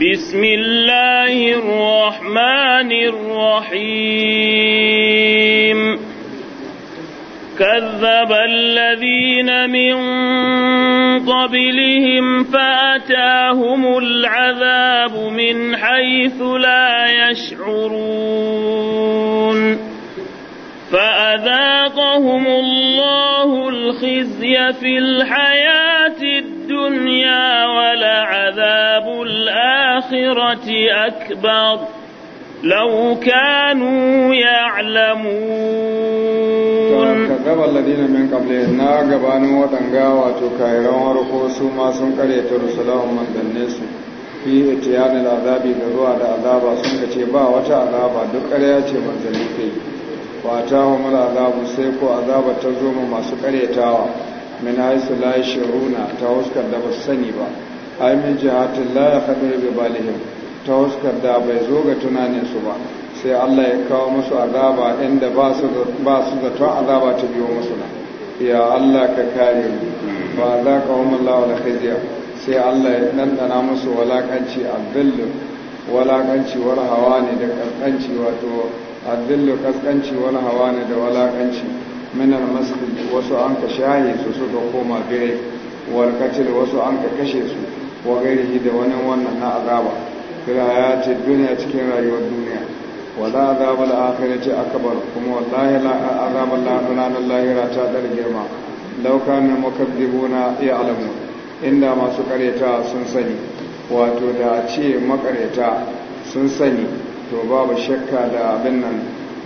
بسم الله الرحمن الرحيم كذب الذين من قبلهم فأتاهم العذاب من حيث لا يشعرون فأذاقهم الله الخزي في الحياة الدنيا ولعذاب الآخرة أكبر لو كانوا يعلمون كذب الذين من قبلهم نا غبانو ودنگا واتو كايران ورقو سو ما سن قريت رسلهم من دنسو fi itiyani azabi da zuwa da azaba sun ka ba wata azaba duk ƙarya ce manzanni kai wata wa mala azabu sai ko azaba ta zo masu karyatawa. min haisu la yashuruna ta huskar da ba sani ba ai min jihatin la yaqdiru bi balihim ta da bai zo ga tunanin su ba sai Allah ya kawo musu azaba inda basu su zato azaba ta biyo musu na ya Allah ka kare mu ba za ka wa mallawa da khizya sai Allah ya ɗanɗana musu walakanci abdullu ne da ƙasƙanci wato hawa ne da walakanci minar masjid wasu an ka shaye su suka koma birai warkacin wasu an ka kashe su wa gairihi da wani wannan na azaba ya filayatin duniya cikin rayuwar duniya wa za a wala ce akhirati akbar kuma wallahi azabar ranar lahira ta dar girma lauka ne na iya alamu inda masu kareta sun sani wato da a ce makareta sun sani to babu shakka da abin nan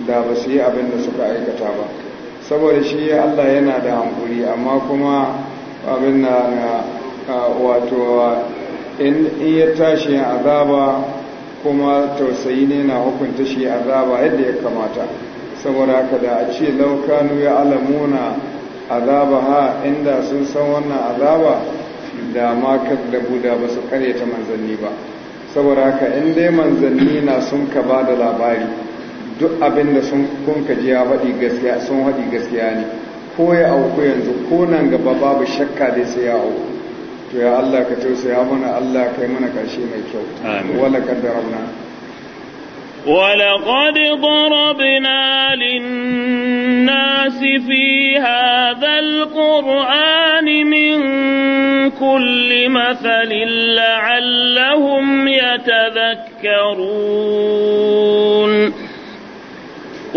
da ba su yi abin da suka aikata ba saboda shi Allah yana da hankuri amma kuma abin na wato in ya tashi azaba kuma tausayi ne na hukunta shi azaba yadda ya kamata saboda haka da a ce laukanu ya alamuna azaba ha inda sun san wannan azaba da makar da buda ba su karyata manzanni ba saboda haka in dai manzanni na sun ka ba da labari duk abin da sun kunka ji ya faɗi gaskiya sun faɗi gaskiya ne ko ya auku yanzu ko nan gaba babu shakka dai sai ya auku to ya Allah ka tausaya mana Allah kai mana karshe mai kyau wala kaddarabna ولقد ضربنا للناس في هذا القرآن من كل مثل لعلهم يتذكرون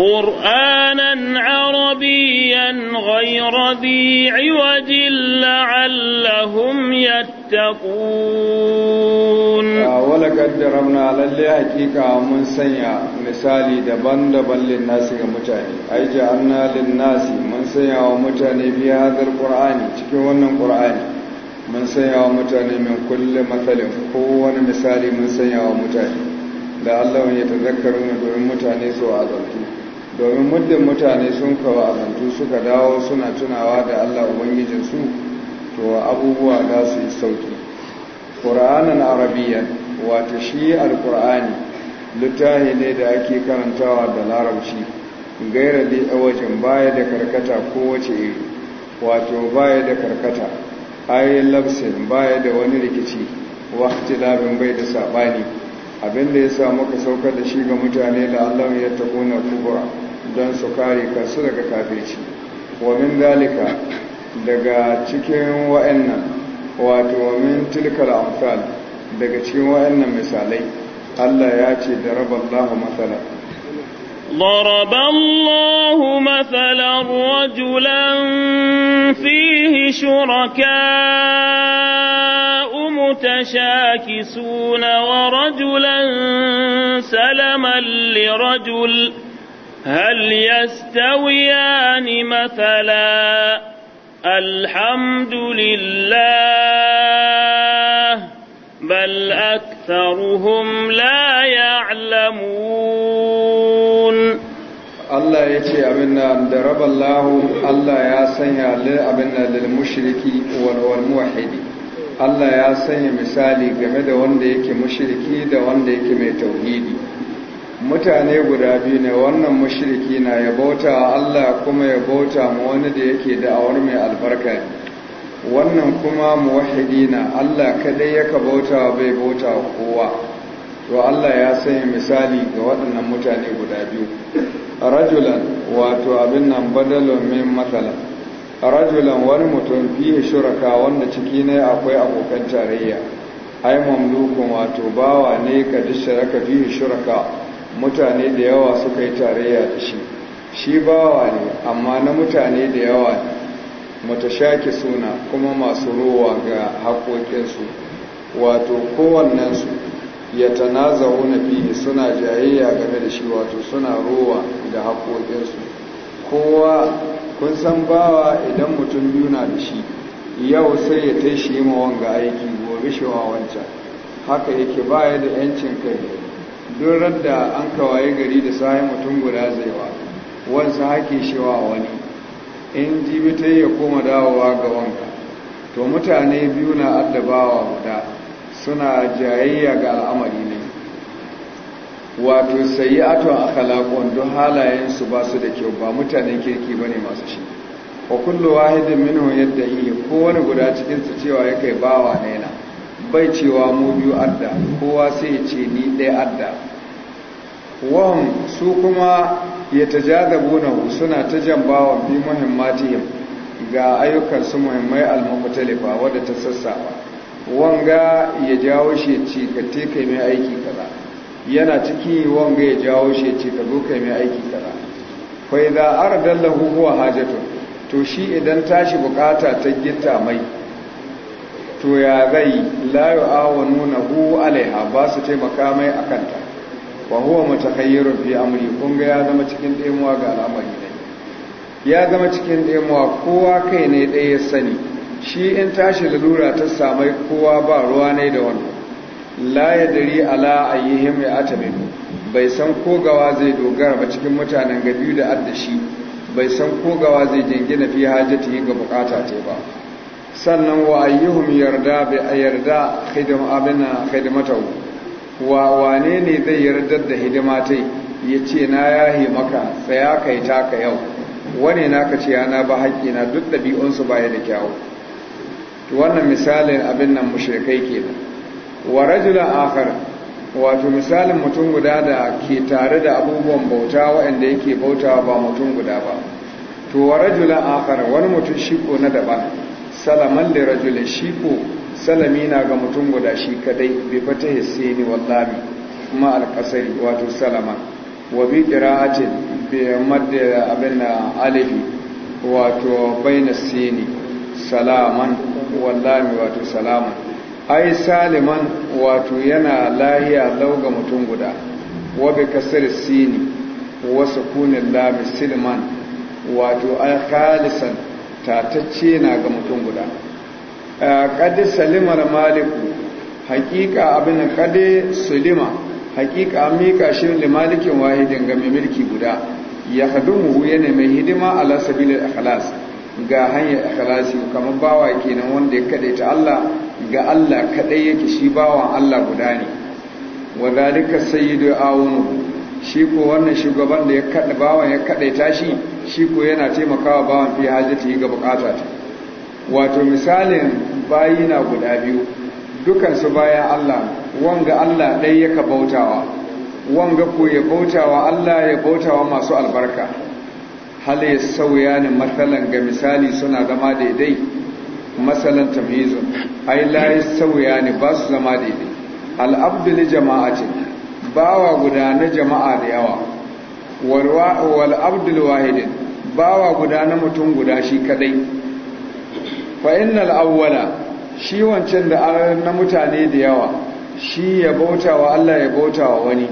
قرآنا عربيا غير ذي عوج لعلهم يتقون آه، ولقد على اللي حقيقة من سنيا مثالي دبن دبن للناس كمتاني أي جعلنا للناس من سنيا ومتاني في هذا القرآن تكون القرآن من سنيا ومتاني من كل مثل هو مثالي من سنيا ومتاني لعلهم يتذكرون بهم متاني سوى domin muddin mutane sun kawo azantu suka dawo suna tunawa da Allah Ubangijinsu to abubuwa za su yi sauki ƙura'anin arabiyan wato shi al-ƙura'ani littafi ne da ake karantawa da larabci gaira da wajen baya da karkata kowace iri wato baya da karkata ayin lafsin baya da wani rikici wakti labin bai da saɓani abinda ya sa muka saukar da shi ga mutane da Allah ya taƙona kubura don su kare kansu daga kafirci wa min dalika daga cikin wa'annan wato wa min tilkal amsal daga cikin wa'annan misalai Allah ya ce da raballahu matsala ضرب الله مثلا رجلا فيه شركاء متشاكسون ورجلا سلما لرجل هل يستويان مثلا الحمد لله بل أكثرهم لا يعلمون Allah ya ce abin nan da raba Allah ya sanya abin nan lil mushriki wal muwahhidi Allah ya sanya misali game da wanda yake mushriki da wanda yake mai tauhidi mutane guda biyu ne wannan mashiriki na ya bauta Allah kuma ya bauta ma wani da yake da'awar mai albarka wannan kuma muwahidi na Allah kadai yaka bauta bai bauta kowa to Allah ya sanya misali ga waɗannan mutane guda biyu rajulan wato abin nan badalon min matsala rajulan wani mutum fiye shuraka wanda ciki ne akwai abokan tarayya ai mamlukun wato bawa ne ka raka fiye shuraka mutane da yawa suka yi tarayya da shi shi bawa ne amma na mutane da yawa ne mutashaki suna kuma masu rowa ga haƙoƙinsu wato kowannensu ya tanaza na fiye suna jayayya game da shi wato suna rowa da haƙoƙinsu kowa kun san bawa idan mutum biyu na da shi yau sai ya ta shi aiki gobe shi wa wancan haka yake baya da 'yancin kai don radda an kawaye gari da sahi mutum guda zaiwa wansa hake shewa wani in jibi ya koma dawowa ga wanka to mutane biyu na addabawa guda suna jayayya ga al'amari ne wato sayi aton akhalaqon don halayensu ba su da kyau ba mutanen kirki ba ne masu shi wa kullu wahidin minhum yadda'i kowane guda cikinsu cewa ya kai bawa nena bai cewa mu biyu adda kowa sai ya ce ni ɗaya adda wahum su kuma ya da bunahu suna ta jambawa bi muhimmatihim ga ayyukan su muhimmai al-muqtalifa wadda ta sassafa wanga ya jawo shi ci ka te kai mai aiki kaza yana ciki wanga ya jawo shi ci ka zo kai mai aiki kaza fa idza arada lahu huwa hajatu to shi idan tashi bukata ta gitta mai to ya zai la nuna nahu alaiha ba su taimaka mai akanta wa huwa mutakayyirun fi amri kun ya zama cikin ɗemuwa ga al'amari ne ya zama cikin ɗemuwa kowa kai ne ɗaya sani shi in tashi lalura ta samai kowa ba ruwa ne da wani. la ya dari ala ayyihim ya ataminu bai san ko gawa zai dogara ba cikin mutanen ga biyu da addashi bai san ko gawa zai jingina fi hajjati ga bukata ce ba sannan wa ayyuhum yarda bi yarda khidmatu abina khidmatu wa wane ne zai yarda da hidima ta ya ce na yahe maka tsaya kai taka yau wane na ka ce yana ba haƙƙi na duk ɗabi'unsu baya da kyawu wannan misalin abin nan ke da. wa rajula akhar wato misalin mutum guda da ke tare da abubuwan bauta waɗanda yake bauta ba mutum guda ba to wa rajula akhar wani mutum shiko na daban salaman da rajula shiko salami na ga mutum guda shi kadai bi fata hissini wallahi kuma alkasari wato salama wa bi qira'atin bi madda abin alifi wato baina sini salaman wallahi wato salaman ai saliman wato yana lahiya lau ga mutum guda wa bi kasar sini wa sukunin lami siliman wato ai khalisan tatacce na ga mutum guda kadi eh, salimar maliku hakika abin kadi sulima hakika an mika shi malikin wahidin ga mai mulki guda ya hadumu yana mai hidima ala da ikhlas ga hanyar ikhlasi kamar bawa kenan wanda ya ta Allah ga Allah kadai yake shi bawan Allah guda ne wa zalika sayyidu awunu shi ko wannan shugaban da ya kadai bawan ya ta shi shi ko yana taimakawa bawan fi hajjati ga bukata ta wato misalin bayi na guda biyu dukansu bayan Allah wanga Allah ɗai yaka bautawa wanga ku ya bautawa Allah ya bautawa masu albarka hali ya sauya ne matsalan ga misali suna zama daidai matsalan tamhizun ai la ya sauya ne ba su zama daidai al'abdu jama'a ce. bawa guda na jama'a da yawa wal abdul wahidin bawa guda na mutum guda shi kadai fa awwala shi wancan da na mutane da yawa shi ya bauta wa Allah ya bauta wa wani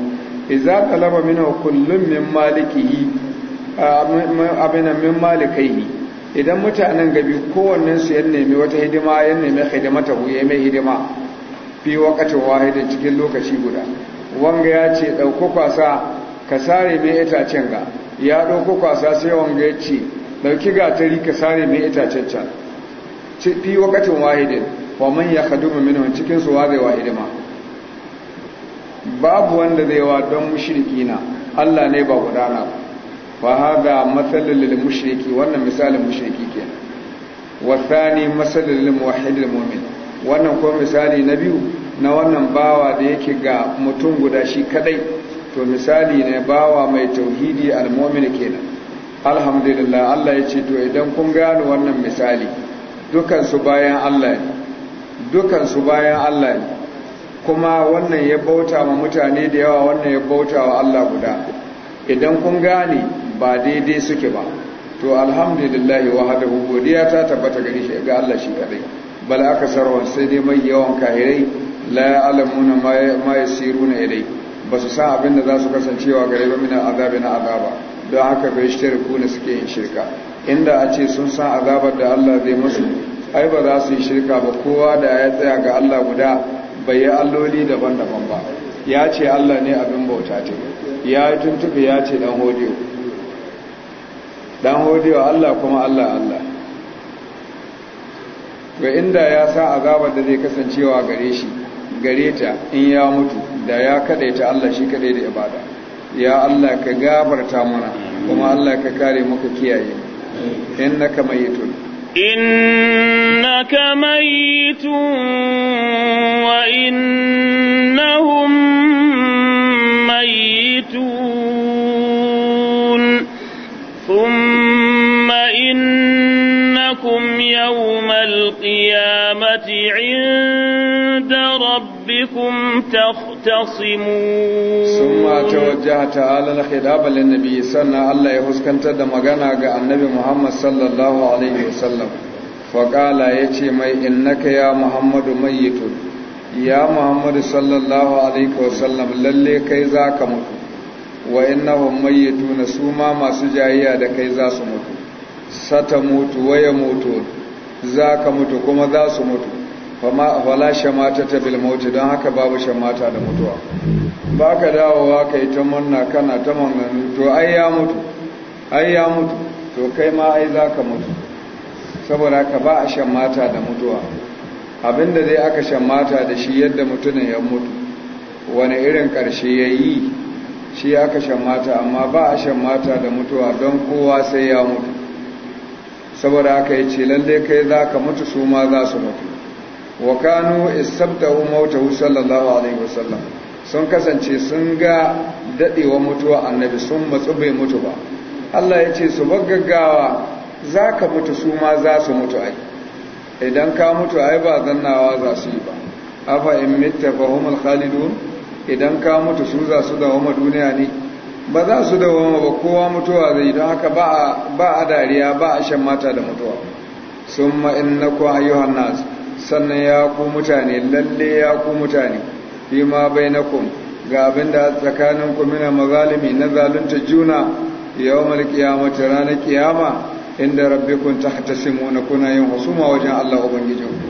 idza talaba minhu kullun min malikihi abina min malikaihi idan mutanen gabi kowannen su ya nemi wata hidima ya nemi hidimata ta ya mai hidima fi wakatin wahidin cikin lokaci guda wanga ya ce ɗauko kwasa ka sare mai itacen ga ya ɗauko kwasa sai wanga ya ce ɗauki gatari ka sare mai itacen can fi wakatin wahidin wa man ya khaduma minhum cikin su wazai wahidima babu wanda zai wa don mushrikina Allah ne ba gudana fa hada masalul lil mushriki wannan misalin mushriki kenan wa thani masalul lil muwahhidil mu'min wannan ko misali na biyu na wannan bawa da yake ga mutum guda shi kadai to misali ne bawa mai tauhidi al-mu'min kenan alhamdulillah Allah ya ce to idan kun gano wannan misali dukansu bayan Allah ne dukansu bayan Allah ne kuma wannan ya bauta ma mutane da yawa wannan ya bauta wa Allah guda idan kun gane ba daidai suke ba to alhamdulillah wahdahu godiya ta tabbata gare shi ga Allah shi kadai bal akasarwa sai dai mai yawan kahirai la ya'lamuna ma yasiruna ilai ba su san abin da za su kasancewa gare ba mina azabi na azaba don haka bai shirku ne suke yin shirka inda a ce sun san azabar da Allah zai musu ai ba za su yi shirka ba kowa da ya tsaya ga Allah guda bai yi alloli daban-daban ba ya ce Allah ne abin bauta ce ya yi tuntufi ya ce dan hodiyo dan hodiyo Allah kuma Allah Allah ga inda ya sa azabar da zai kasancewa gare shi gare ta in ya mutu da ya kadaita Allah shi kadai da ibada ya Allah ka gabarta mana kuma Allah ka kare muka kiyaye mu إنك ميت إنك ميت وإنهم ميتون ثم إنكم يوم القيامة عند ربكم تخ يختصمون ثم توجه تعالى الخطاب للنبي صلى الله عليه وسلم da magana ga annabi Muhammad sallallahu alaihi wasallam faqala yace mai innaka ya Muhammadu mayyitun ya Muhammadu sallallahu alaihi wasallam lalle kai zaka mutu wa innahum mayyituna suma masu jayiya da kai za su mutu sata mutu waya mutu zaka mutu kuma za su mutu fama wala shamata ta bilmoti don haka babu shamata da mutuwa ba ka dawowa yi ta manna kana ta manganu to ai ya mutu ai ya mutu to kai ma ai za ka mutu saboda ka ba a shamata da mutuwa abinda zai aka shamata da shi yadda mutunan ya mutu wani irin ƙarshe ya yi shi aka shamata amma ba a shamata da mutuwa don kowa sai ya mutu saboda aka yi ce lallai kai za ka mutu su ma za su mutu wa kanu istabtahu mautahu sallallahu alaihi wasallam sun kasance sun ga dadewa mutuwa annabi sun matsu bai mutu ba Allah ya ce su bagaggawa za ka mutu su ma za su mutu ai idan ka mutu ai ba zannawa za su yi ba afa in mitta humul khalidun idan ka mutu su za su dawoma duniya ne ba za su dawoma ba kowa mutuwa zai don haka ba a dariya ba a shan mata da mutuwa summa innakum ayyuhan nas sannan ya ku mutane lalle ya ku mutane fi ma bainakum ga abin da tsakanin ku mina mazalimi na zalunta juna yawmal qiyamati ranar kiyama inda rabbikum tahtasimuna kuna yin husuma wajen Allah ubangijinku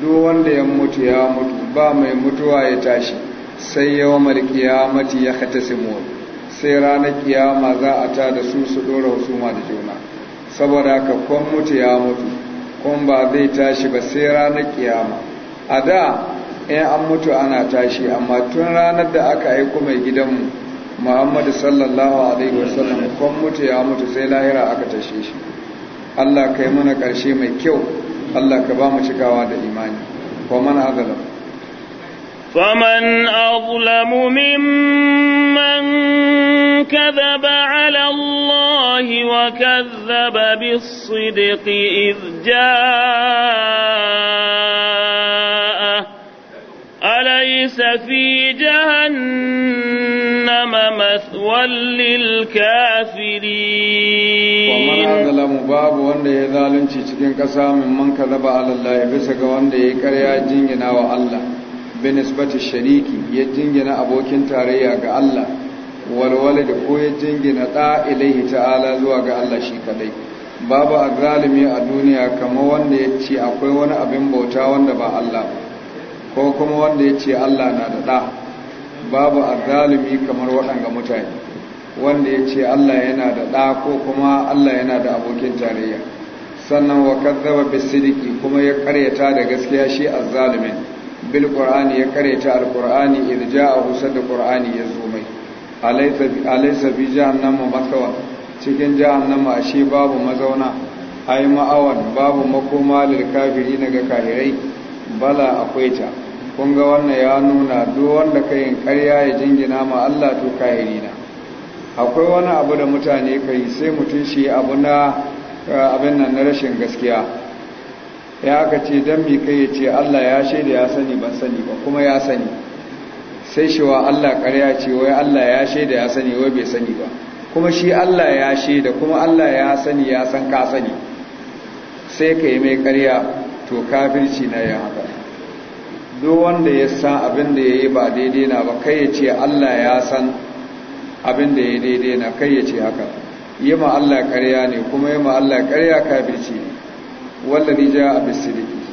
duk wanda ya mutu ya mutu ba mai mutuwa ya tashi sai yawmal qiyamati ya khatasimuna sai ranar kiyama za a ta da su su dora husuma da juna saboda kakkon mutu ya mutu Kwan ba zai tashi ba sai ranar kiyama a da in an mutu ana tashi amma tun ranar da aka aiko mai gidanmu muhammadu sallallahu alaihi wasallam Kwan mutu ya mutu sai lahira aka tashe shi allah ka yi mana karshe mai kyau allah ka ba mu cikawa da imani Kwa mana azalam فمن أظلم ممن كذب الله وكذب بالصدق إذ جاء أليس في جهنم مثوى للكافرين ومن أظلم باب وان دي ذالن چيچكين قسام من كذب على الله بسك وان دي كريا جنجنا وعلا بنسبة الشريك يجنجنا أبوكين تاريا كالله Walwale da ko ya jingina ɗa ilaihi ta'ala zuwa ga Allah shi kadai babu azalimi a duniya kama wanda ya ce akwai wani abin bauta wanda ba Allah ko kuma wanda ya ce Allah na da ɗa babu azalimi kamar waɗanga mutane wanda ya ce Allah yana da ɗa ko kuma Allah yana da abokin tarayya sannan wa kazzaba bisidiki kuma ya karyata da gaskiya shi azzalimin bil qur'ani ya karyata al qur'ani idja'ahu sadda qur'ani ya zo mai alaisa bi jahannama matsawa, cikin jahannama ashe babu mazauna ai ma'awan babu makoma lil na ga kahirai bala akwai ta kun ga wannan ya nuna duk wanda ka yin ƙarya ya jingina ma Allah to kahiri na akwai wani abu da mutane ka yi sai mutum shi abu na eh, abin nan na rashin gaskiya ya aka ce don mai kai ce Allah ya shaida ya sani ban sani ba kuma ya sani sai shi wa Allah ƙarya ce wai Allah ya shaida ya sani wai bai sani ba kuma shi Allah ya shaida kuma Allah ya sani ya san ka sani sai ka yi mai ƙarya to kafirci na yi haka duk wanda ya san abin da ya yi ba daidai na ba kai ya ce Allah ya san abin da ya daidai na kai ya ce haka yi ma Allah ƙarya ne kuma yi ma Allah ƙarya kafirci ne wallazi ja'a bisidiki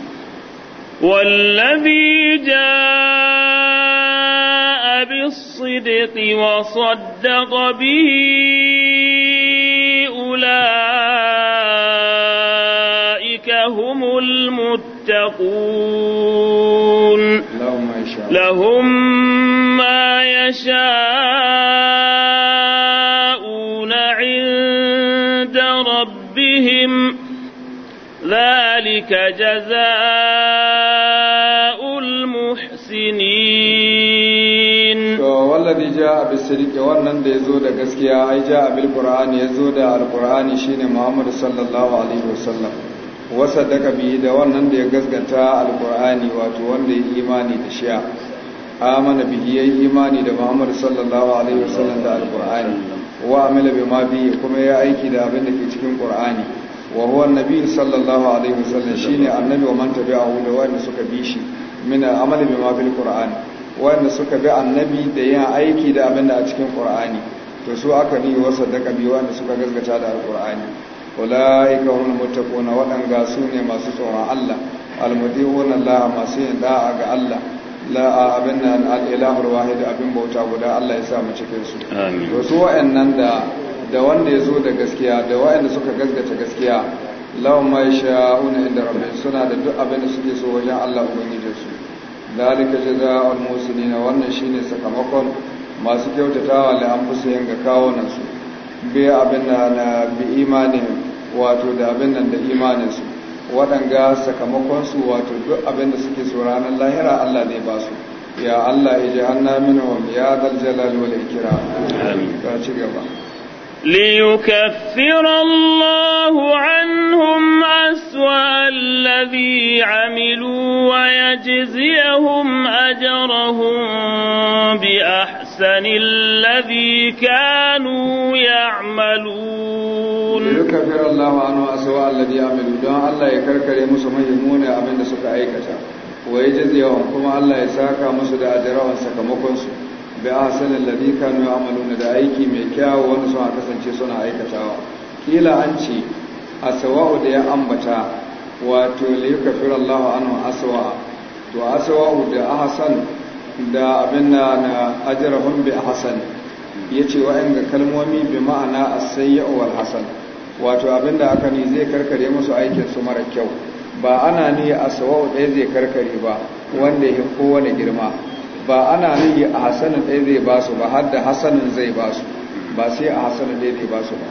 wallazi ja'a بالصدق وصدق به أولئك هم المتقون لهم ما يشاءون عند ربهم ذلك جزاء wallazi ja'a bis-sidqi wannan da yazo da gaskiya ai ja'a bil qur'ani yazo da al-qur'ani shine Muhammad sallallahu alaihi wasallam wa saddaqa bi da wannan da ya gaskata al-qur'ani wato wanda ya imani da shi amana bihi ya imani da Muhammad sallallahu alaihi wasallam da al-qur'ani wa amila ma bi kuma ya aiki da abin da ke cikin qur'ani wa huwa nabi sallallahu alaihi wasallam shine annabi wa man tabi'ahu da wanda suka bi shi min amali ma bil qur'ani wanda suka bi annabi da yin aiki da abin da a cikin qur'ani to su aka bi wa sadaka bi wanda suka gaskata da alqur'ani ulaika hum muttaquna wadanga su ne masu tsoron Allah almudiuna allah masu yin da'a ga Allah la'a abin nan al wahid abin bauta guda Allah ya sa mu cikin su to su wa'annan da da wanda ya zo da gaskiya da wa'anda suka gaskata gaskiya lawan ma sha'una inda rabbin suna da duk abin da suke so wajen Allah ubangijinsu dalika jaza'ul musulina wannan shine sakamakon masu kyautatawa fi anfusihim ga kawunan su bi abin da na bi imanin wato da abin nan da imanin su waɗanga sakamakon su wato duk abin da suke so ranar lahira Allah ne ba su ya Allah ij'alna minhum ya dal jalal wal ikram amin ka ci gaba ليكفر الله عنهم أسوأ الذي عملوا ويجزيهم أجرهم بأحسن الذي كانوا يعملون ليكفر الله عنهم أسوأ الذي عملوا دعا الله يكركر يمون أبن سكأيكتا ويجزيهم كما الله يساكا مسد أجرهم سكمكنسوا bi ahsanil ladhi kanu ya'maluna da aiki mai kyawu wanda sun kasance suna aikatawa kila an ce aswa'u da ya ambata wato li yukaffira Allahu anhu aswa'a to aswa'u da ahsan da abinda na ajrahum ya ce yace wa'anga kalmomi bi ma'ana as-sayyi'u wal hasan wato da aka ni zai karkare musu aikin su mara kyau ba ana ni aswa'u ɗaya zai karkare ba wanda ya kowane girma ba ana nuhi a hasanin ɗaya zai ba su ba har da zai ba su ba sai a hasanin ɗaya zai ba su ba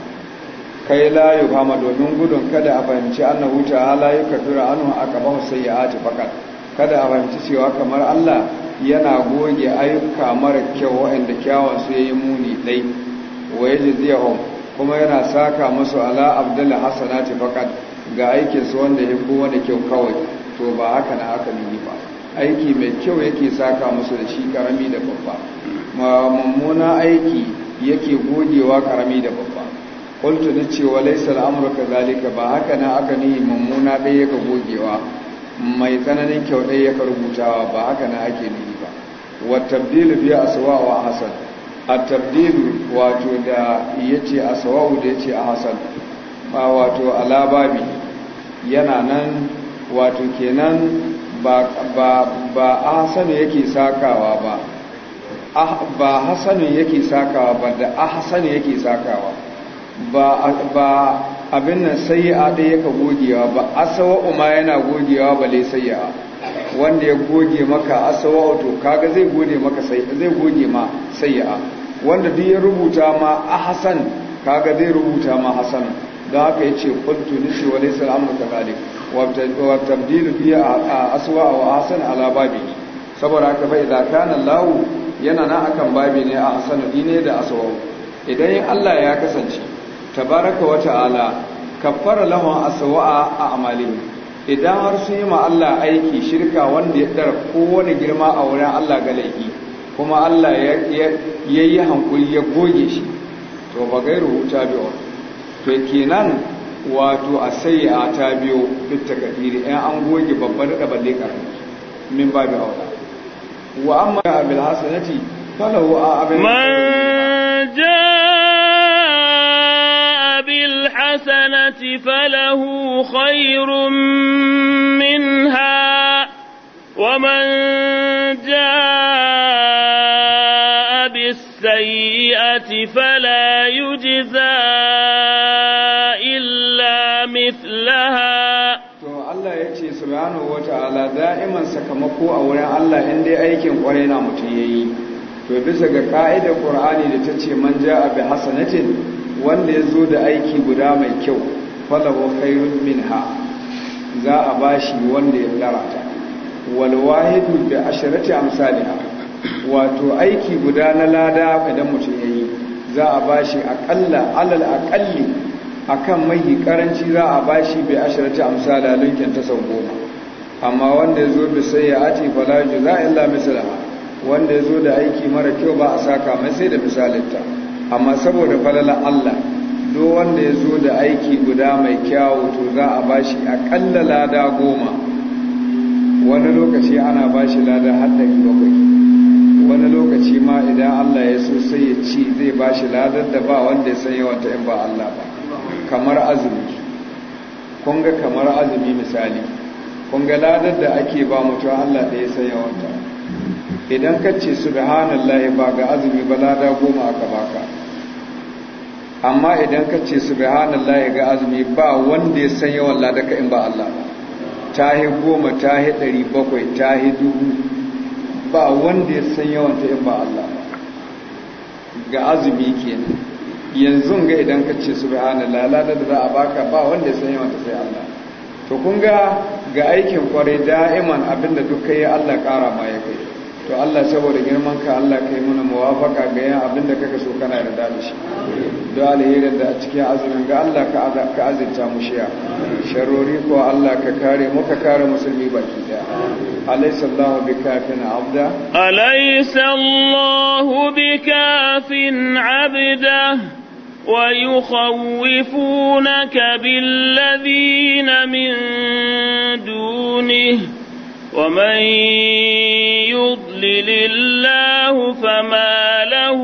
kai layu hama domin gudun kada a fahimci an na huta layu ka tura anu a bahu, sai ya aji fakat kada a fahimci cewa kamar allah yana goge ayyuka mara kyau waɗanda kyawun ya yi muni ɗai wa ya ji kuma yana saka masu ala abdullah hasanati fakat ga aikinsu wanda ya fi wani kyau kawai to ba haka na aka nuni ba aiki mai kyau yake saka musu da shi karami da babba mummuna aiki yake gogewa karami da babba qultu na cewa laysa amurka zalika ba haka na aka ni mummuna ɗaya yaka gogewa mai tsananin kyau ɗaya yaka rubutawa ba haka na ake ni ba wa biya bi aswa wa hasan a tabdil wato da yace aswa da yace a hasan wato alababi yana nan wato kenan ba ahasanu ah, yake sakawa ba ba hasanu yake sakawa ba da ahasanu yake sakawa ba abin nan sayi'a ɗaya yaka gogewa ba asawa'u ma yana gogewa ba lai sayi'a wanda ya goge maka asawa'u to kaga zai goge maka zai goge ma sayi'a wanda duk ya rubuta ma hasan kaga zai rubuta ma hasan da haka yace qultu nishi wa laysa al-amru kadhalik wa biyu a aswa wa hasan ala saboda haka fa idza kana Lawu yana na akan babi ne a hasanu dine da aswa idan Allah ya kasance tabaraka wa ta'ala kaffara lahum aswa a amalihim idan har sun yi ma Allah aiki shirka wanda ya dar kowane girma a wurin Allah ga laifi kuma Allah ya yi hankuri ya goge shi to ba gairu biyo. to kenan wato a sai a ta biyo fitta kafiri ɗan an goge babban da balle ƙarfi min ba bi aula wa amma ya abil hasanati falahu a abin man ja bil hasanati falahu khairun minha wa man ja بالسيئة فلا يجزى subhanahu ta'ala da'iman sakamako a wurin Allah in dai aikin kwarai na mutum yi. to bisa ga ka'idar Qur'ani da ta ce man ja'a bi hasanatin wanda ya zo da aiki guda mai kyau falahu khairun minha za a bashi wanda ya darata wal wahidu bi asharati amsalha wato aiki guda na lada idan mutum yi za a bashi akalla alal akalli akan mai karanci za a bashi bai ashirci amsala linkin ta sau goma amma wanda ya zo bi sai ya ati fala juza illa mislaha wanda ya zo da aiki mara kyau ba a saka mai sai da misalinta amma saboda falala Allah duk wanda ya zo da aiki guda mai kyawu to za a bashi akalla lada goma wani lokaci ana bashi lada har da bakwai wani lokaci ma idan Allah ya so sai ya ci zai bashi ladar da ba wanda ya san ta in ba Allah ba kamar azumi kun ga kamar azumi misali Kunga ladar da ake ba mutu Allah da ya sanya wata idan ka ce subhanallahi ba ga azumi ba lada goma aka baka amma idan ka ce subhanallahi ga azumi ba wanda ya san yawan ka in ba Allah ta yi goma ta yi ɗari bakwai ta yi dubu ba wanda ya san yawan ta in ba Allah ga azumi kenan yanzu ga idan ka ce subhanallahi ladar da za a baka ba wanda ya san yawan ta sai Allah to kun ga ga aikin kwarai da'iman abinda duka ya Allah ƙara ma ya kai to Allah saboda girman ka Allah kai muna muwafaka ga yin abinda kaka so kana yarda da shi don alherin da a cikin azumin ga Allah ka azinta mu shiya sharori ko Allah ka kare mu ka kare musulmi baki daya alaysa Allah bikafin abda alaysa Allah bikafin abda ويخوفونك بالذين من دونه ومن يضلل الله فما له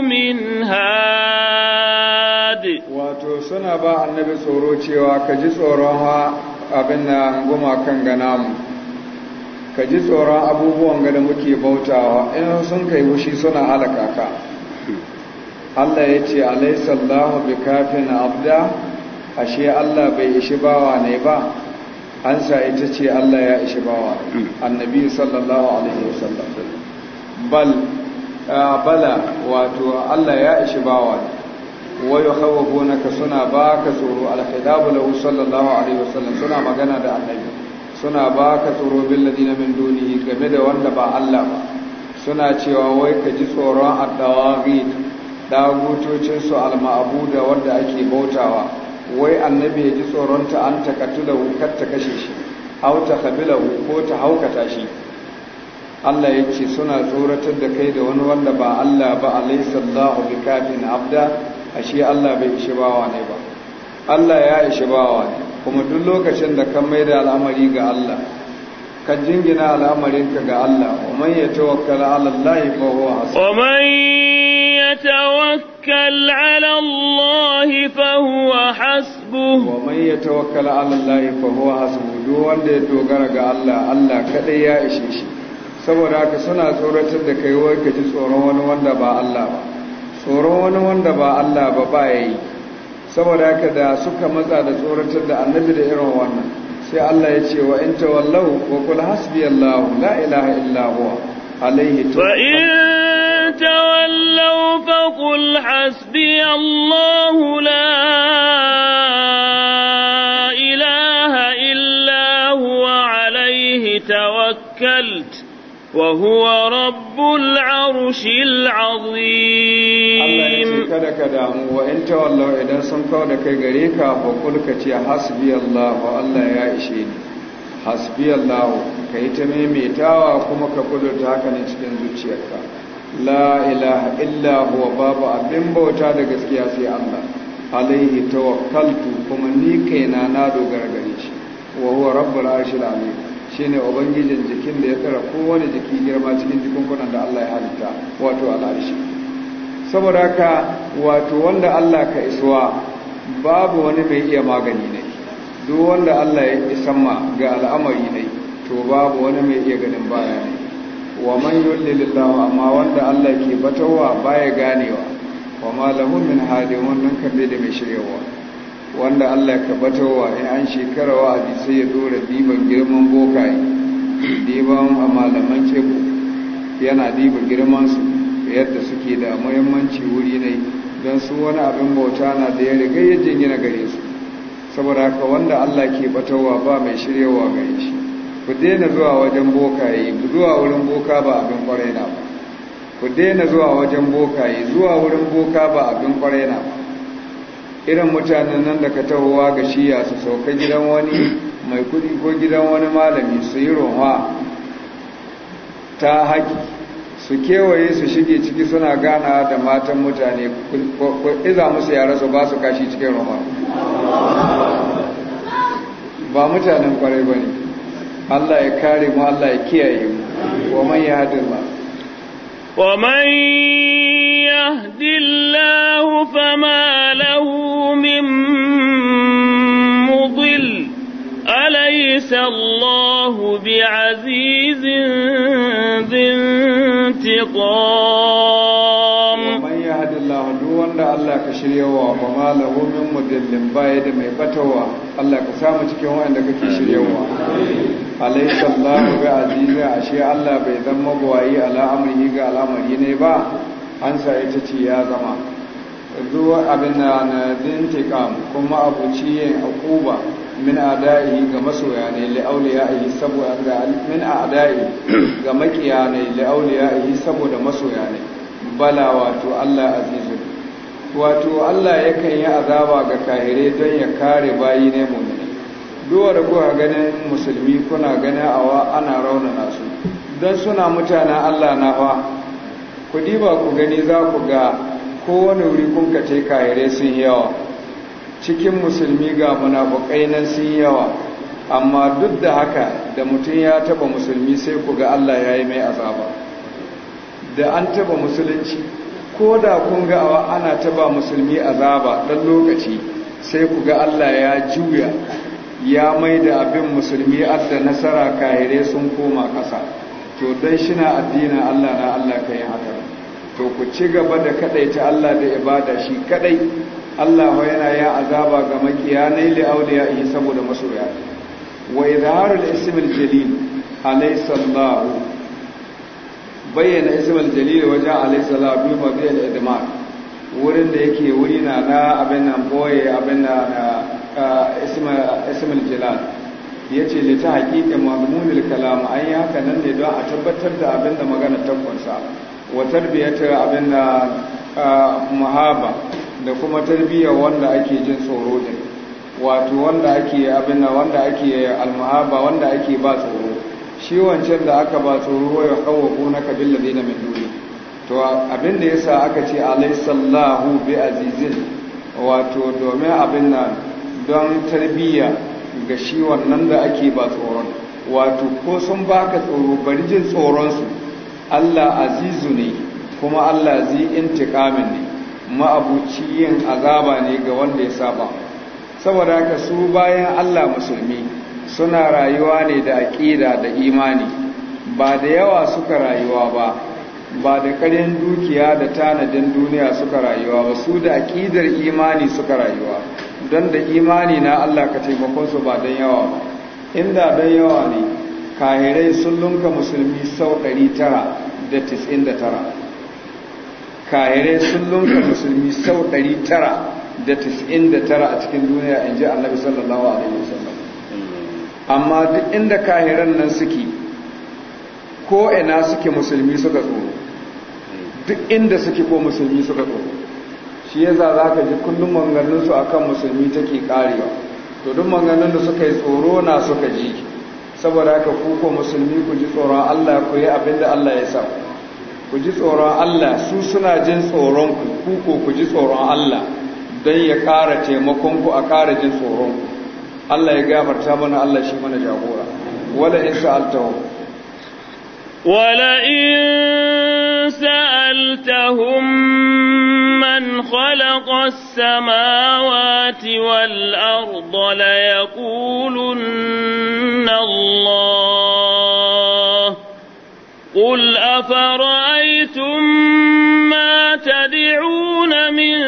من هاد واتو سنة باع النبي صوروتي وكجس وراها أبنى هنقوم أكنغنام كجس وراها أبوه وانقدمكي بوتاها إنه سنكي وشي سنة على Allah ya ce alaisallahu bi kafin abda ashe Allah bai ishi bawa ne ba an sa ita ce Allah ya ishi bawa annabi sallallahu alaihi wasallam bal bala wato Allah ya ishi bawa wa yukhawwafunaka suna baka tsoro al-khidabu lahu sallallahu alaihi wasallam suna magana da annabi suna baka tsoro bil ladina min dunihi game da wanda ba Allah ba suna cewa wai ka ji tsoron addawaghi dagotocinsu alma'abuda wanda ake bautawa wai annabi ya ji tsoronta an takatu da ta kashe shi au ta kabila ko ta haukata shi Allah ya ce suna tsoratar da kai da wani wanda ba Allah ba alaisallahu bi kafin abda ashe Allah bai ishi bawa ne ba Allah ya ishi bawa ne kuma duk lokacin da ka mai da al'amari ga Allah ka jingina al'amarinka ga Allah wa man yatawakkala ala Allah fa huwa hasbuh يتوكل على الله فهو حسبه ومن يتوكل على الله فهو حسبه duk wanda ya dogara ga Allah Allah kadai ya ishe shi saboda haka suna tsoratar da kai wai ka ji tsoron wani wanda ba Allah ba tsoron wani wanda ba Allah ba ba yayi saboda haka da suka matsa da tsoratar da annabi da irin wannan sai Allah ya ce wa in tawallau wa qul hasbiyallahu la ilaha illa huwa alaihi tawakkal تولوا فقل حسبي الله لا إله إلا هو عليه توكلت وهو رب العرش العظيم الله وإن تولوا إذا سنقوا لك غريكا حسبي الله الله يا إشيني حسبي الله كي تميمي تاوى كما كقلت هكا la ilaha illa huwa babu abin bauta da gaskiya sai Allah alaihi tawakkaltu kuma ni kaina na dogara gare shi wa huwa rabbul arshil azim shine ubangijin jikin da ya tsara kowane jiki girma cikin jikunkunan da Allah ya halitta wato al'arshi saboda haka wato wanda Allah ka isuwa babu wani mai iya magani ne duk wanda Allah ya isamma ga al'amari ne to babu wani mai iya ganin baya ne wa man yullilillahu amma wanda Allah ke batawa baya ganewa wa ma lahu min hadi wannan kan da mai shiryawa wanda Allah ka batawa in an shekara wa abi sai ya dora diban girman bokaye diban malaman cebu yana diba girman su yadda suke da muhimmanci wuri ne don su wani abin bauta na da ya riga ya jingina gare su saboda haka wanda Allah ke batawa ba mai shiryawa gare shi ku daina zuwa wajen bokaye zuwa wurin boka ba abin kwarai na ba ku daina zuwa wajen bokaye zuwa wurin boka ba abin kwarai na ba irin mutanen nan da ka tahowa ga shiya su sauka gidan wani mai kudi ko gidan wani malami su yi roha ta haƙi su kewaye su shige ciki suna gana da matan mutane ko iza musu yara su ba su kashi cikin roha ba mutanen kwarai ba ne Allah ya kare mu Allah ya kiyaye mu wa man yahdillah wa man yahdillahu fama lahu min mudil alaysa Allahu bi'azizin dhintiqam wa man yahdillahu duk wanda Allah ka shiryawa fama lahu min mudillin baya da mai batawa Allah ka samu cikin wanda kake shiryawa alaika Allah ga aziza ashe Allah bai zan magwayi al'amari ga al'amari ne ba hansa ita ce ya zama zuwa abin na na dintikam kuma ciye a kuba min ada'i ga masoya ne li'auliya'i saboda ga min ada'i ga makiya ne saboda masoya ne bala wato Allah azizu wato Allah yakan yi azaba ga kahire don ya kare bayi ne mu duwa da kuwa ganin musulmi kuna ganin awa ana raunana su don suna mutanen allah na wa ku diba ku gani za ku ga kowane wuri kun ka ce kayare sun yawa cikin musulmi ga munafukai nan sun yawa amma duk da haka da mutum ya taba musulmi sai ku ga allah ya yi mai azaba da an taba musulunci ko da kun ga awa ana taba musulmi azaba ɗan lokaci sai ku ga allah ya juya ya mai da abin musulmi adda nasara kahire sun koma ƙasa to dai shina addinin Allah na Allah ka yi haka to ku ci gaba da ta Allah da ibada shi kadai Allah ho yana ya azaba ga makiyanai li yi saboda masoya wa izharul ismil jalil alaysa Allah bayyana ismil jalil wajen alaysa Allah bi mabiyal idmar wurin da yake wuri na na abin nan boye abin nan Ismail jalal ya ce da ta haƙiƙa mazmunul kalam an yi haka nan ne don a tabbatar da abin da magana tabbasa wa tarbiyyata abin da muhaba da kuma tarbiyyar wanda ake jin tsoro din wato wanda ake abin da wanda ake almuhaba wanda ake ba tsoro shi wancan da aka ba tsoro ya kawo ko na kabila ladina mai duni to abin da yasa aka ce alaysallahu bi azizin wato domin abin nan don tarbiyya ga shi wannan da ake ba tsoron wato ko sun baka tsoro bari jin tsoronsu Allah azizu ne kuma Allah zi intikamin ne ma'abuci yin azaba ne ga wanda ya saba saboda ka su bayan Allah musulmi suna rayuwa ne da aƙida da imani ba da yawa suka rayuwa ba ba da ƙarin dukiya da tanadin duniya suka rayuwa ba su da aƙidar imani suka rayuwa don da imani na Allah ka taimakonsu ba don yawa ba inda don yawa ne kahirai sun lunka musulmi sau 999 kahirai sun lunka musulmi sau 999 a cikin duniya in ji annabi sallallahu alaihi wasallam amma duk inda kahiran nan suke ko ina suke musulmi suka tsoro duk inda suke ko musulmi suka tsoro shi ya za ka ji kullum manganninsu a kan musulmi take karewa to duk manganninsu da suka yi tsoro na suka ji saboda haka kuko musulmi ku ji tsoron allah ku yi abin allah ya sa ku ji tsoron allah su suna jin tsoron ku kuko ku ji tsoron allah don ya ƙara taimakon ku a ƙara jin tsoron allah ya gafarta mana allah shi mana jagora wala in sa'altahu wala in سألتهم من خلق السماوات والأرض ليقولن الله قل أفرأيتم ما تدعون من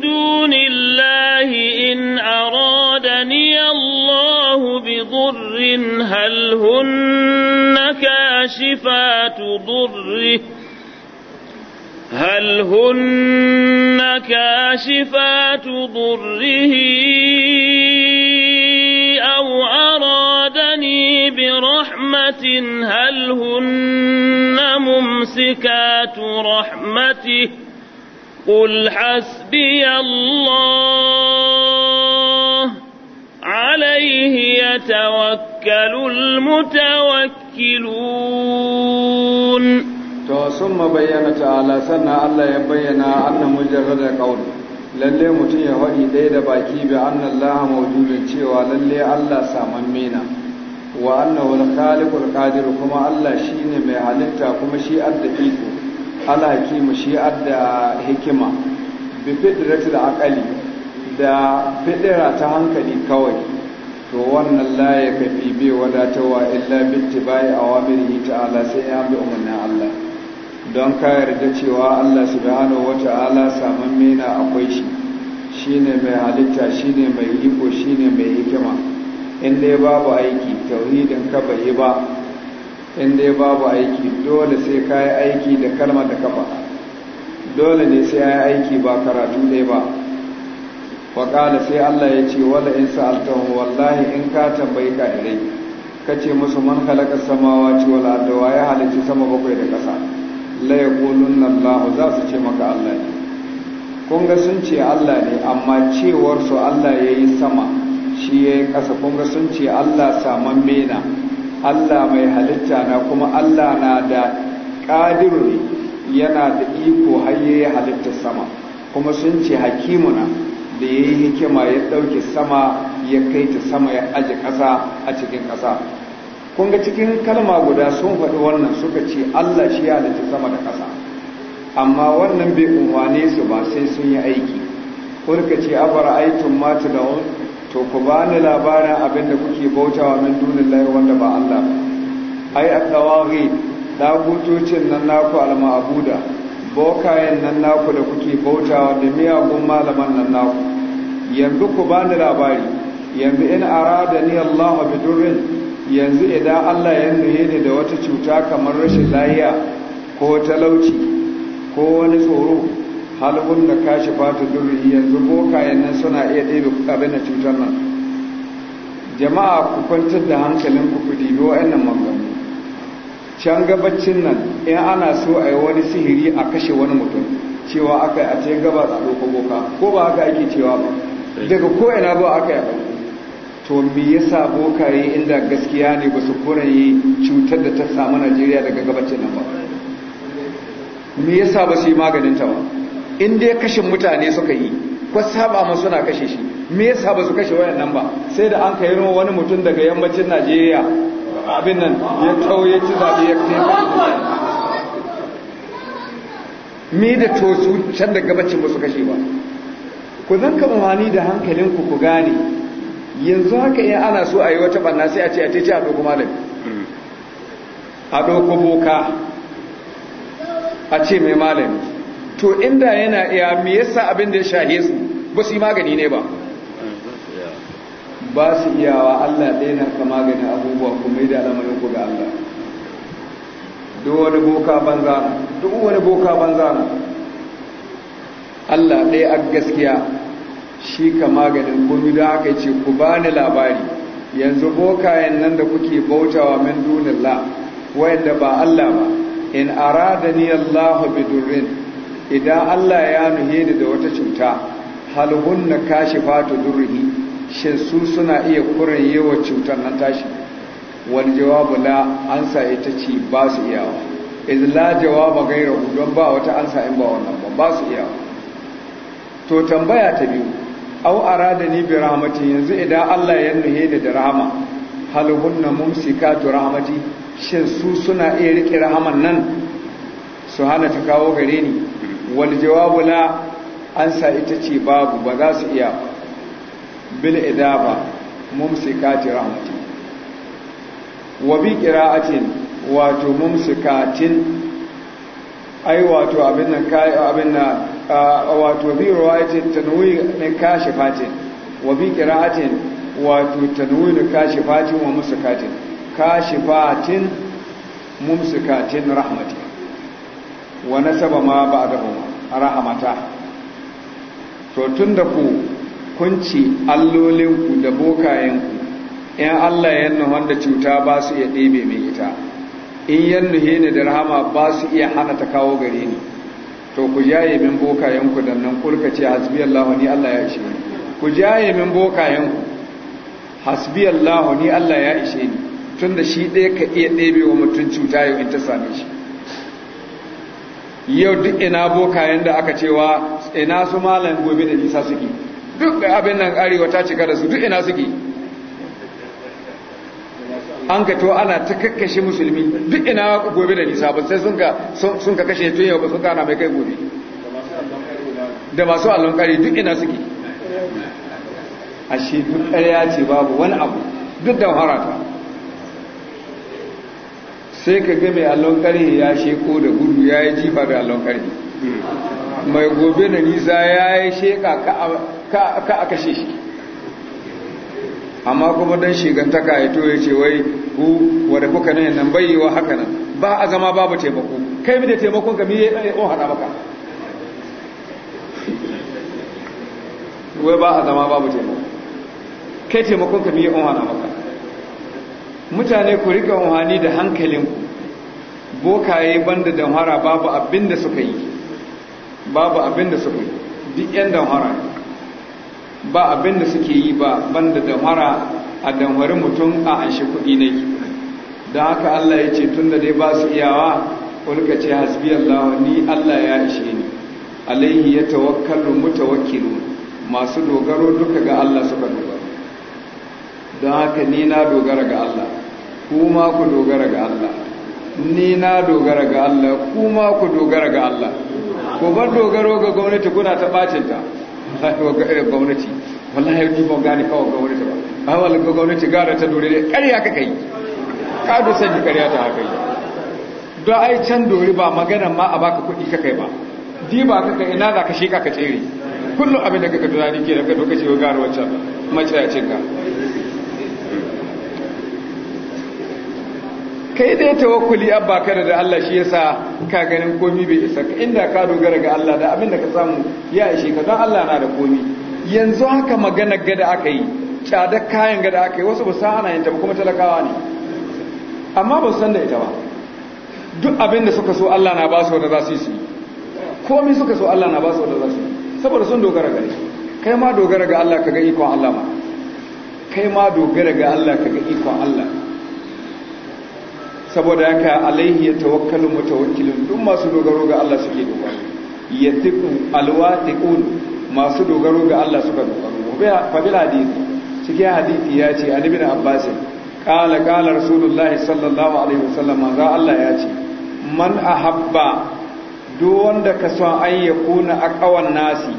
دون الله إن أرادني الله بضر هل هن كاشفات ضره هل هن كاشفات ضره أو أرادني برحمة هل هن ممسكات رحمته قل حسبي الله عليه يتوكل المتوكلون to sun bayyana ta'ala sannan Allah ya bayyana annan mujarrad da qaul lalle mutum ya faɗi ɗaya da baki bi anna Allah mawjudun cewa lalle Allah saman mena. wa annahu al-khaliqul qadir kuma Allah shine mai halitta kuma shi adda iko al-hakimu shi adda hikima bi da aqali da fidira ta hankali kawai to wannan laye kafi bai wadatawa illa bittibai ta ta'ala sai ya bi umarnin Allah don ka yarda cewa Allah subhanahu wata'ala saman mena akwai shi shine mai halitta shine mai iko shine mai hikima in dai babu aiki tauhidin ka bai ba in dai babu aiki dole sai ka aiki da kalmar da kafa. dole ne sai ya yi aiki ba karatu ɗaya ba faƙala sai Allah ya ce wala in sa'altahu wallahi in ka tambayi ka kafirai kace musu man khalaqa samawati wal wala wa ya halitta sama bakwai da ƙasa la yaqulunna za su ce maka Allah ne kun ga sun ce Allah ne amma cewar su Allah yayi sama shi yayi ƙasa kun ga sun ce Allah saman mena Allah mai halitta na kuma Allah na da ƙadiru yana da iko har yayi halitta sama kuma sun ce hakimuna da ya yi hikima ya ɗauke sama ya kai ta sama ya aji ƙasa a cikin ƙasa kun ga cikin kalma guda sun faɗi wannan suka ce allah shi ya halitta sama da ƙasa amma wannan bai umarne su ba sai sun yi aiki kurka ce abara aikin mata da to ku ba ni labarin abin da kuke bautawa min dunin layi wanda ba allah ai a tsawari ɗagutocin nan naku alma'abuda bokayen nan naku da kuke bautawa da miyagun malaman nan naku yanzu ku bani labari yanzu in arada ni Allah bi durrin yanzu idan Allah ya nuhe ni da wata cuta kamar rashin lafiya ko talauci ko wani tsoro halbun da kashi fata durri yanzu bokayen nan suna iya ɗebe abin da cutar nan jama'a ku kwantar da hankalin ku ku dibi wa'annan magana can gabacin nan in ana so a yi wani sihiri a kashe wani mutum cewa aka yi a ce gaba a ɗauka boka ko ba haka ake cewa ba daga ko'ina ba aka yi ba to me yasa yi inda gaskiya ne ba su yi cutar da ta samu najeriya daga gabacin nan ba me yasa ba su yi maganin ta ba in dai kashin mutane suka yi ko saba ma suna kashe shi me yasa ba su kashe nan ba sai da an kai wani mutum daga yammacin najeriya abin nan ya tau ya ci zaɓe ya kai me da tosu can da gabacin ba su kashe ba ku zan ka da hankalinku ku gane yanzu haka yin ana so a yi wata ɓanna sai a ce a ce a ɗauko malami a ɗauko boka a ce mai malam. to inda yana iya me yasa abin da ya shahe su ba su yi magani ne ba ba su iyawa Allah ɗaya na ka maganin abubuwa kuma yi da alamarin ku ga Allah duk wani boka banza duk wani boka banza Allah ɗaya a gaskiya shi ka maganin komi da aka ce ku ba ni labari yanzu bokayen nan da kuke bautawa min dunin la da ba Allah ba in arada ni Allah durin idan Allah ya nuhe ni da wata cuta halhun na kashi ta durrihi shin su suna iya kureye wa cutar nan tashi wani jawabu na ansa ita ce ba su iyawa iz la jawaba gairahu don ba wata ansa in ba wannan ba ba su iyawa to tambaya ta biyu au arada ni bi rahmati yanzu idan Allah ya nuhe ni da rahama hal hunna mumsikatu rahmati shin su suna iya rike rahaman nan su hana ta kawo gare ni Wani jawabu na ansa ita ce babu ba za su iya bil idaba mumsikati rahmati wa bi qira'atin wato mumsikatin ai wato abin nan kai abin nan wato bi riwayatin tanwi min kashifatin wa bi qira'atin wato tanwi kashifatin wa mumsikatin kashifatin mumsikatin rahmati wa nasaba ma ba'dahu rahmata to tunda ku kun ci allolinku da bokayenku in Allah ya yi da cuta ba su iya ɗebe mai ita in ya nuhe da rahama ba su iya hana ta kawo gare ni to ku jaye min bokayenku da nan kulka ce hasbi Allah ni Allah ya ishe ni ku jaye min bokayenku hasbi Allah ni Allah ya ishe ni Tun da shi ɗaya ka iya ɗebe wa mutum cuta yau in ta same shi yau duk ina bokayen da aka cewa ina su malam gobe da nisa suke duk da abin nan arewa ta cika da su duk ina suke an ka to ana ta kakkashe musulmi duk ina gobe da nisa ba sai sun ka kashe tun yau ba sun kana mai kai gobe da masu allon kare duk ina suke ashe duk ƙarya ce babu wani abu duk da harata sai ka ga mai allon kare ya sheko da gudu ya yi jifa da allon kare mai gobe da nisa ya yi sheka ka ka a kashe shi amma kuma don shigantaka ya toye ce wai ku wadda kuka ne nan bayyewa haka nan ba a zama babu taimako kai mi da taimakon ka mi ya ɗaya on haɗa maka wai ba a zama babu taimako kai taimakon ka mi ya on haɗa maka mutane ku rika unhani da hankalinku bokaye banda damhara babu abin da suka yi babu abin da suka yi duk 'yan damhara ne ba abin da suke yi ba banda damara a damari mutum a anshi kuɗi nake da haka Allah ya ce tun da dai ba su iyawa kulka ce hasbi Allah ni Allah ya ishe ni alaihi ya tawakkalu mutawakkilu masu dogaro duka ga Allah suka dogara. don haka ni na dogara ga Allah kuma ku dogara ga Allah ni na dogara ga Allah kuma ku dogara ga Allah ko ban dogaro ga gwamnati kuna ta bacinta wallahi wagga irin gwamnati wallahi ni ban gane gwamnati ba a wallahi gwamnati gara ta dore ka kai ka da sani ta haka yi don ai can dore ba magana ma a baka kuɗi ka kai ba diba ka kai ina za ka sheka ka tsere kullum abin da ka tunani ke da ka doka ce wa gara wancan matsayacin kai da ya tawakkuli abba kada da Allah shi yasa ka ganin komi bai isa ka inda ka dogara ga Allah da abin da ka samu ya ishe ka don Allah na da komi yanzu haka magana gada aka yi cada kayan gada aka yi wasu ba sa ana yanta kuma talakawa ne amma ba san da ita ba duk abin da suka so Allah na ba su wanda za su yi komi suka so Allah na ba su wanda za su yi saboda sun dogara gare kai ma dogara ga Allah ka ga ikon Allah ma kai ma dogara ga Allah ka ga ikon Allah saboda haka alaihi ya tawakkalu mutawakkilun duk masu dogaro ga Allah suke dogaro yatiqu alwatiqun masu dogaro ga Allah suka dogaro fa bil hadisi cikin hadisi ya ce annabi ibn abbas qala qala rasulullah sallallahu alaihi wasallam ga Allah ya ce man ahabba duk wanda ka so an ya kuna aqawan nasi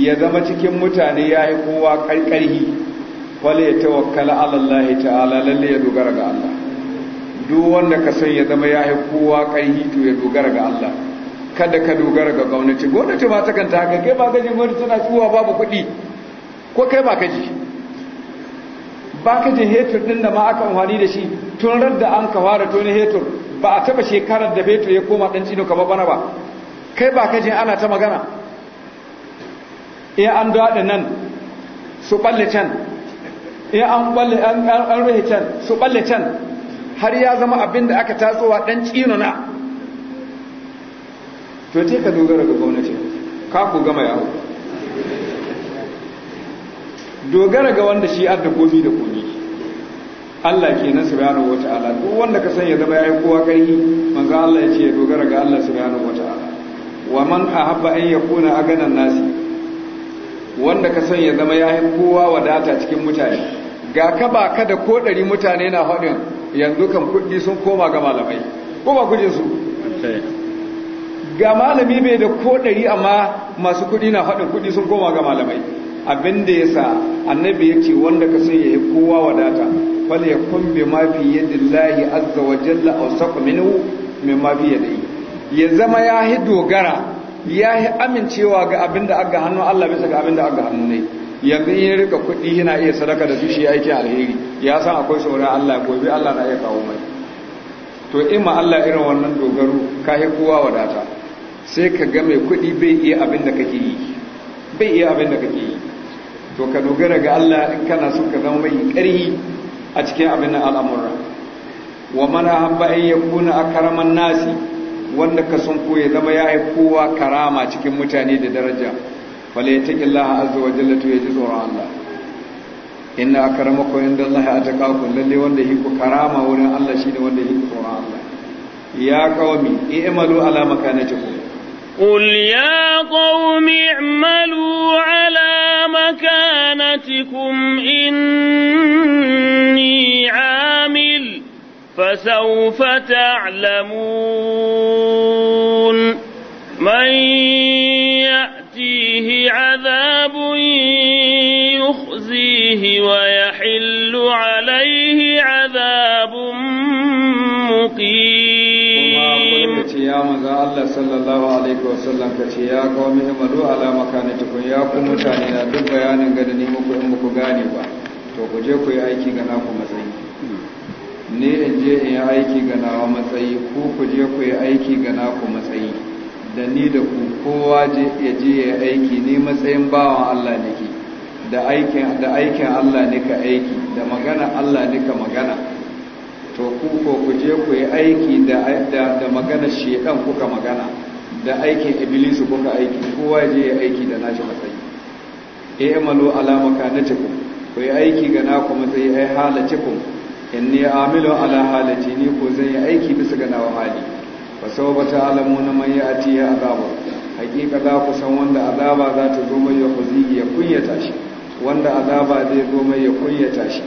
ya zama cikin mutane yayi kowa karkarhi wala ya tawakkala ala Allah ta'ala lalle ya dogara ga Allah duk wanda ka san ya zama ya yi kowa kai hito ya dogara ga Allah kada ka dogara ga gwamnati gwamnati ba ta kanta haka kai ba gaji gwamnati tana tsuwa babu kuɗi ko kai ba kaji ba ka jin hetur ɗin da ma aka amfani da shi tun rar da an ka fara tuni hetur ba a taɓa shekarar da fetur ya koma ɗan cino ka bana ba kai ba ka ana ta magana in an daɗa nan su ɓalle can in an rufe can su ɓalle can har ya zama abin da aka tasowa dan tsinana to te ka dogara ga gwamnati ka ku gama yawo dogara ga wanda shi adda gobi da gobi Allah ke kenan subhanahu ala duk wanda ka san ya zama yayi kowa kai manzo Allah ya ce ya dogara ga Allah subhanahu wata'ala wa man ahabba an yakuna aganan nasi wanda ka san ya zama yayi kowa wadata cikin mutane ga ka ba ka da ko ɗari mutane na haɗin yanzu kan kuɗi sun koma ga malamai ko ba kuje su eh. ga malami bai da ko ɗari amma masu kuɗi na faɗin kuɗi sun koma ga malamai abin da ya sa annabi ya ce wanda ka sun yi kowa wadata fal ya bi ma fi lahi azza wa jalla aw saqu mai mimma fi yadihi ya zama ya hi dogara ya hi amincewa ga abin da aka hannu Allah bisa ga abin da aka hannu ne yanzu yin rika kuɗi yana iya sadaka da dushi aiki alheri ya san akwai sauran Allah gobe Allah na iya kawo mai to in ma Allah irin wannan dogaro ka yi kowa wadata sai ka ga mai kuɗi bai iya abin da kake yi bai iya abin da kake yi to ka dogara ga Allah in kana so ka zama mai ƙarhi a cikin abin nan al'amura wa mana habba in yakuna akraman nasi wanda ka sun ko zama ya yi kowa karama cikin mutane da daraja falayyattakin laha azza wa jalla ya ji tsoron Allah inna akramakum inda Allah ya taka ku lalle wanda yi ku karama wurin Allah shine wanda yi ku tsoron Allah ya qaumi i'malu ala makanatikum قل يا قوم اعملوا على مكانتكم إني عامل فسوف تعلمون من فيه عذاب يخزيه ويحل عليه عذاب مقيم يا مزا الله صلى الله عليه وسلم كتي يا قوم اعملوا على مكانتكم يا قوم متانينا duk bayanin ga da ni muku in muku gane ba to ku je ku yi aiki ga naku matsayi ne in je in yi aiki ga nawa matsayi ku ku je ku yi aiki ga naku matsayi da ni da ku kowa ya je ya aiki ni matsayin bawan Allah nake da aikin da aikin Allah nika aiki da magana Allah nika magana to ku ko ku je ku yi aiki da da, da magana shedan kuka magana da aikin iblis kuka aiki kowa je ya aiki da nashi matsayi e amalu ala makanatikum ku yi aiki ga naku matsayi ai in inni amilu ala halati ni ko zan yi aiki bisa ga nawa hali fa sawaba ta'lamuna man ya'ti ya azaba hakika za ku san wanda azaba za ta zo mai ya kuzi ya kunyata shi wanda azaba zai zo mai ya kunyata shi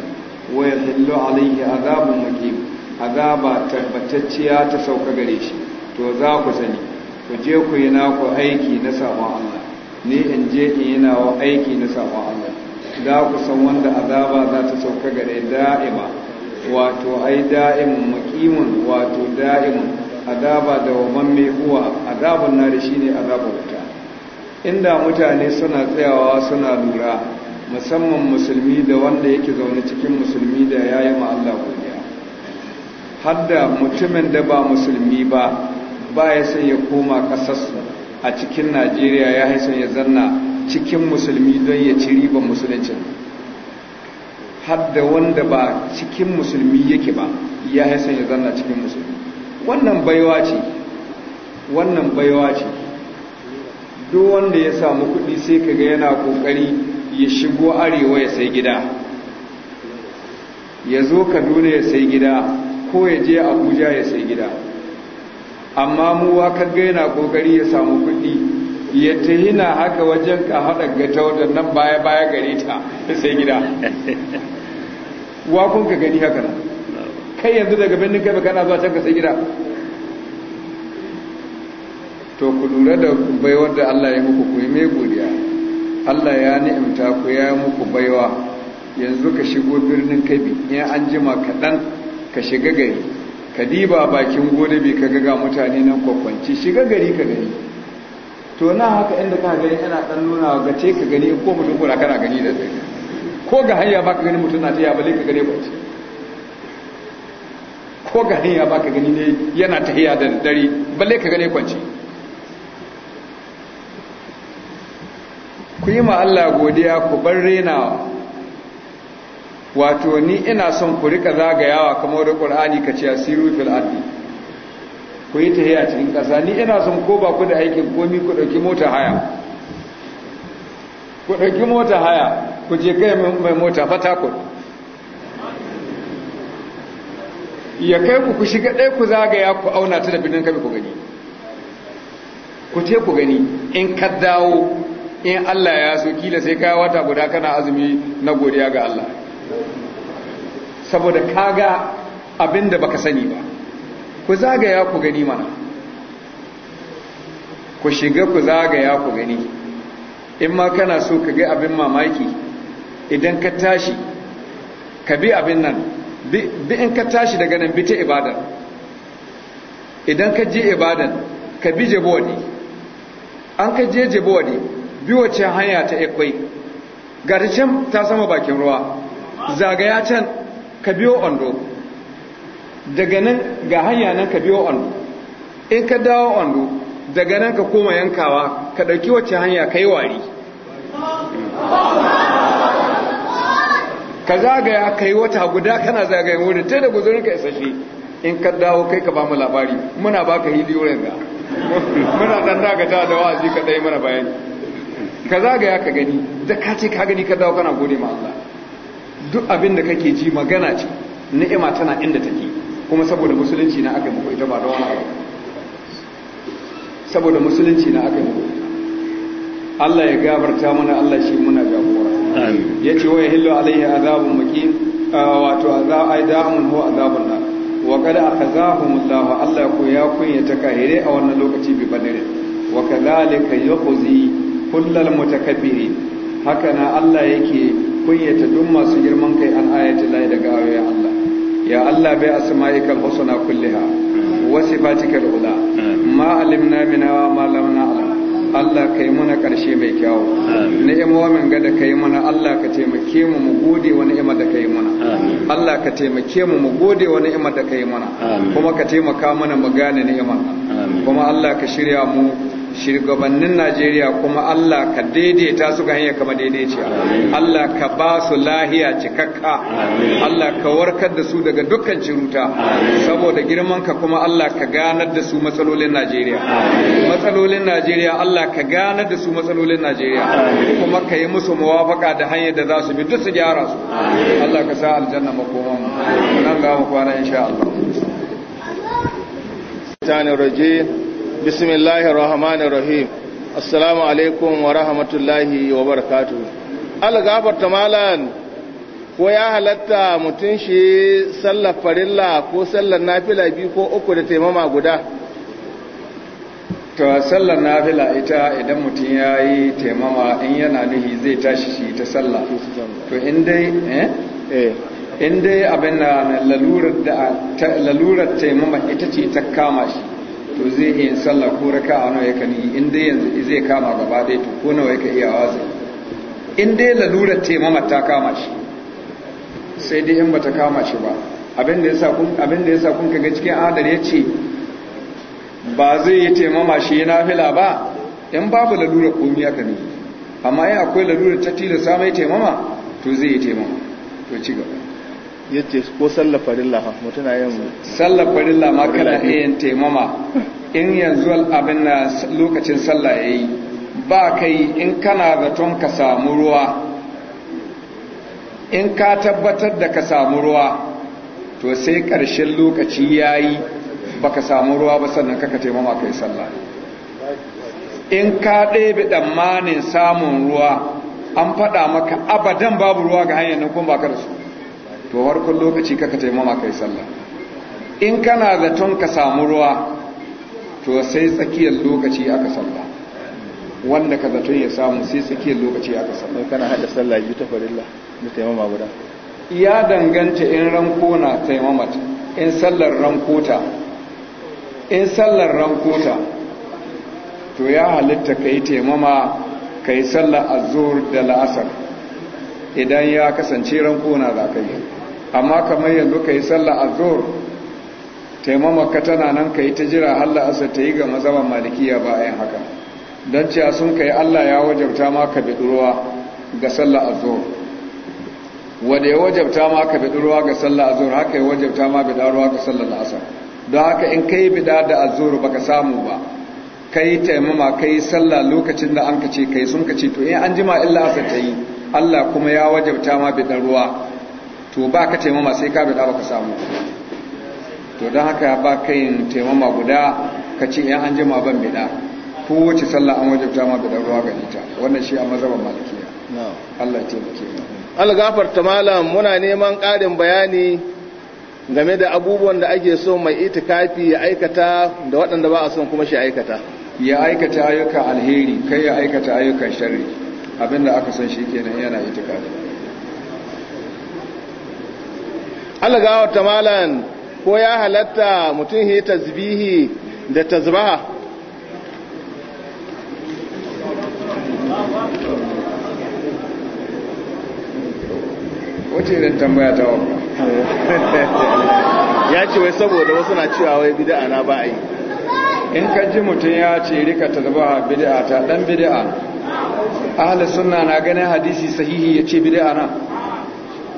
wa yahillu alaihi azabun muqim azaba tabbatacciya ta sauka gare shi to za ku sani ku je ku yi naku aiki na sabon Allah ni in je in yi nawa aiki na sabon Allah za ku san wanda azaba za ta sauka gare da'ima wato ai da'imun muqimun wato da'imun adaba da waman huwa na da shine azaban wuta inda mutane suna tsayawa suna lura musamman musulmi da wanda yake zaune cikin musulmi da ya yi ma'alla kuniya hadda mutumin da ba musulmi ba ba ya san ya koma kasarsu a cikin najeriya ya haisan ya zanna cikin musulmi don ya ci riban musuluncin hadda wanda ba cikin musulmi yake ba ya haisan ya zanna cikin musulmi wannan baiwa ce wannan baiwa ce duk wanda ya samu kuɗi sai kaga yana kokari ya shigo arewa ya sai gida ya zo kaduna ya sai gida ko ya je abuja ya sai gida amma mu kaga yana kokari ya samu kuɗi ya tahina haka wajen ka haɗa gata nan baya-baya gare ta sai gida wa kun ka gani haka nan kai yanzu daga birnin kai kana zuwa can ka sai gida to ku lura da baiwar da Allah ya muku ku yi mai godiya Allah ya ni'imta ku ya muku baiwa yanzu ka shigo birnin kabi ya an jima kaɗan ka shiga gari ka diba bakin gode bi ka gaga mutane nan kwakwanci shiga gari ka gani to na haka inda ka gani ana ɗan nuna ga ce ka gani ko mutum kuna kana gani da tsaye ko ga hanya ba ka gani mutum na ta yabale ka gani kwanci ko ga hanya ba ka gani ne yana tahiya da dare balle ka gane kwanci ku yi ma Allah godiya ku bar rena wato ni ina son ku rika zagayawa kamar da ƙur'ani ka ce asiru fil ardi ku yi tahiya cikin ƙasa ni ina son ko ba ku da aikin komi ku ɗauki mota haya ku ɗauki mota haya ku je kai mai mota ku ya kai ku ku shiga ɗaya ku zagaya ku auna ta da birnin kabi ku gani ku ce ku gani in ka dawo in Allah ya so kila sai ka wata guda kana azumi na godiya ga Allah saboda kaga abin da baka sani ba ku zagaya ku gani mana ku shiga ku zagaya ku gani in ma kana so ka ga abin mamaki idan ka tashi ka bi abin nan bi in ka tashi daga nan bi ta ibadan idan ka je ibadan ka bi jabawadi an ka je jabawadi bi wace hanya ta ikwai gari can ta sama bakin ruwa zagaya can ka biyo ondo daga nan ga hanya nan ka biyo ondo in ka dawo ondo daga nan ka koma yankawa ka ɗauki wacce hanya ka yi wari ka zagaya kai wata guda kana zagayen wuri ta da guzurin ka shi in ka dawo kai ka ba mu labari muna baka hiliyoyin ga muna dan dagata da wa'azi ka dai mana bayani ka zagaya ka gani da ka ce ka gani ka dawo kana gode ma Allah duk abin da kake ji magana ce ni'ima tana inda take kuma saboda musulunci na aka yi muku ita ba da wani saboda musulunci na aka yi Allah ya gafarta mana Allah shi muna gafura ya ce wa ya hillo alaihi azabun maki ah, wato azabun ho azabun nan. wa kada aka zahun Allah Allah ko ya kunya ta kahire a wannan lokaci bi badare wa kadhalika yukhzi kullal mutakabbirin haka na Allah yake kunyata duk masu girman kai an ayati lahi daga ayoyin Allah ya Allah bai asma'ikal husna kulliha wa sifatikal ula ma alimna mina wa ma lam Allah ka yi mana ƙarshe mai kyawu ni'imomin ga da ka yi mana Allah ka taimake mu mu gode wa ni'ima da ka yi mana Allah ka taimake mu mu gode wa ni'ima da ka yi mana kuma ka taimaka mana mu gane ni'imar kuma Allah ka shirya mu shirgabannin Najeriya kuma Allah ka daidaita su ga hanya kama daidaiciya Allah ka ba su lahiya cikakka Allah ka warkar da su daga dukkan ciruta saboda girman ka kuma Allah ka ganar da su matsalolin Najeriya matsalolin Najeriya Allah ka ganar da su matsalolin Najeriya kuma ka yi musu muwafaka da hanyar da za su bi duk su gyara su Allah ka sa aljanna makoman nan ga mu kwana insha Allah Tani الرجيم بسم rahmanir rahim الرحيم alaikum wa ورحمة wa وبركاته algafar tamalan ko ya halatta mutun shi sallar farilla ko sallar nafila biyu ko uku da taimama guda to sallar nafila ita idan mutum ya yi taimama in yana nuhi zai tashi shi ta sallah to in dai eh? Eh. in dai abin da lalurar taimama ita ce ta kama shi to zai iya yin sallah ko raka a nawa yakan yi in dai yanzu zai kama gaba dai to ko nawa yaka iya wazi in dai lalurar taimama ta kama shi sai dai in bata kama shi ba abin da yasa kun abin da yasa kun kaga cikin adar yace ba zai yi taimama shi fila ba in babu lalurar komai aka ne amma in akwai lalurar ta tilasta mai taimama to zai yi taimama to ci gaba yace ko sallar farilla ha mutuna yin sallar farilla ma kana yin taimama in yanzu abin na lokacin sallah yayi ba kai in kana zaton ka samu ruwa in ka tabbatar da ka samu ruwa to sai ƙarshen lokaci yayi baka samu ruwa ba sannan kaka taimama kai sallah in ka ɗebe ɗammanin samun ruwa an faɗa maka abadan babu ruwa ga hanyar nan kuma ba ka da su to warkon lokaci kaka taimama kai sallah in kana da ton ka samu ruwa to sai tsakiyar lokaci aka sallah wanda ka zaton ya samu sai tsakiyar lokaci aka sallah kana hada sallah biyu ta farilla da taimama guda ya danganta in ranko na taimamat in sallar rankota in sallar rankota to ya halitta ka yi taimama ka yi sallar azur da la'asar idan ya kasance rankona za ka yi amma kamar yanzu ka yi sallah a zuhur taimamaka tana nan ka yi ta jira allah asa ta yi ga mazaban malikiya ba a yin haka don cewa sun ka yi allah ya wajabta ma ka biɗi ruwa ga sallah a zuwa wadda ya wajabta ma ka biɗi ruwa ga sallah a zuwa haka ya wajabta ma biɗa ruwa ga sallah asar. don haka in ka yi biɗa da azur ka samu ba ka yi taimama ka yi sallah lokacin da an ka ce ka yi sun ka ce to in an jima illa asa ta yi allah kuma ya wajabta ma biɗa ruwa to ba ka taimama sai ka bida baka samu to don haka ba ka yin taimama guda ka ce yan an jima ban bida wace sallah an wajabta ma bida ruwa ga nita. wannan shi a mazhaban malikiya Allah ya taimake mu algafar ta malam muna neman ƙarin bayani game da abubuwan da ake so mai itikafi ya aikata da waɗanda ba a son kuma shi aikata ya aikata ayyuka alheri kai ya aikata ayyukan sharri abinda aka son shi kenan yana itikafi algawa ta malan ko ya halatta mutum ya tasbihi da tasbaha wace irin tambaya ta ya ce wai saboda wasu na cewa wai bid'a na ba a yi in ka ji mutum ya ce rika tasbaha bid'a ta dan bid'a ahli sunna na ganin hadisi sahihi ya ce bid'a na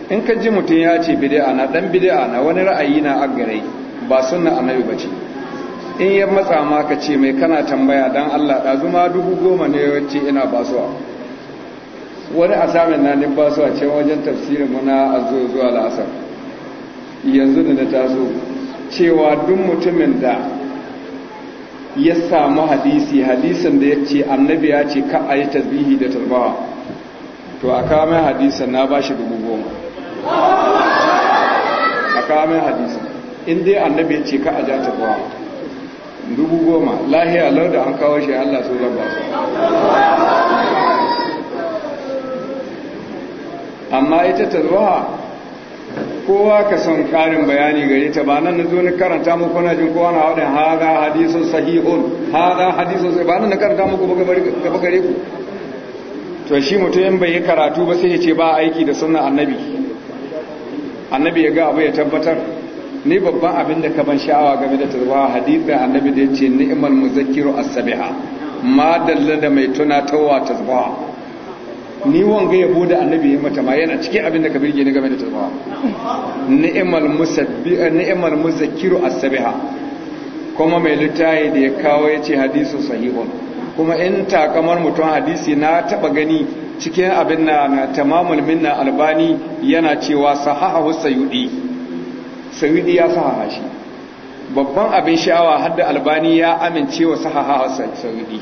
in ka ji mutum ya ce bid'a na dan bid'a na wani ra'ayi na aggare ba sunna annabi ce in ya matsa ma ka ce mai kana tambaya dan Allah da zuma dubu goma ne wacce ina basuwa wani asamin na ni basuwa ce wajen tafsirin muna azo zuwa la'asar yanzu da na taso cewa duk mutumin da ya samu hadisi hadisin da ya ce annabi ya ce ka a yi tasbihi da tarbawa to a kawo mai hadisin na ba shi dubu goma a kamar hadisi in dai annabi ya ce ka a ja kuwa dubu goma lahiya lauda an kawo shi allah su zaba su amma ita ta zuwa, kowa ka son karin bayani gare ta ba nan na zo ni karanta muku na jin kowa na haɗin haɗa hadisun sahihun haɗa hadisun sai ba nan na karanta muku gaba gare ku to shi mutum bai yi karatu ba sai ya ce ba aiki da sunan annabi annabi ya ga abu ya tabbatar ni babban abin da ban sha'awa game da turba hadithi annabi da ya ce ni'mal muzakkiru as-sabiha ma dalla da mai tunatarwa tasbaha ni wanga yabo da annabi ya mata ma yana cikin abin da ka birge ni game da tasbaha ni'mal musabbi ni'mal muzakkiru as-sabiha kuma mai litayi da ya kawo yace hadisu sahihun kuma in takamar mutum hadisi na taba gani cikin abin na tamamul minna albani yana cewa sahahahu sayudi sayudi ya sahaha shi babban abin sha'awa hadda albani ya amince wa sahahahu sayudi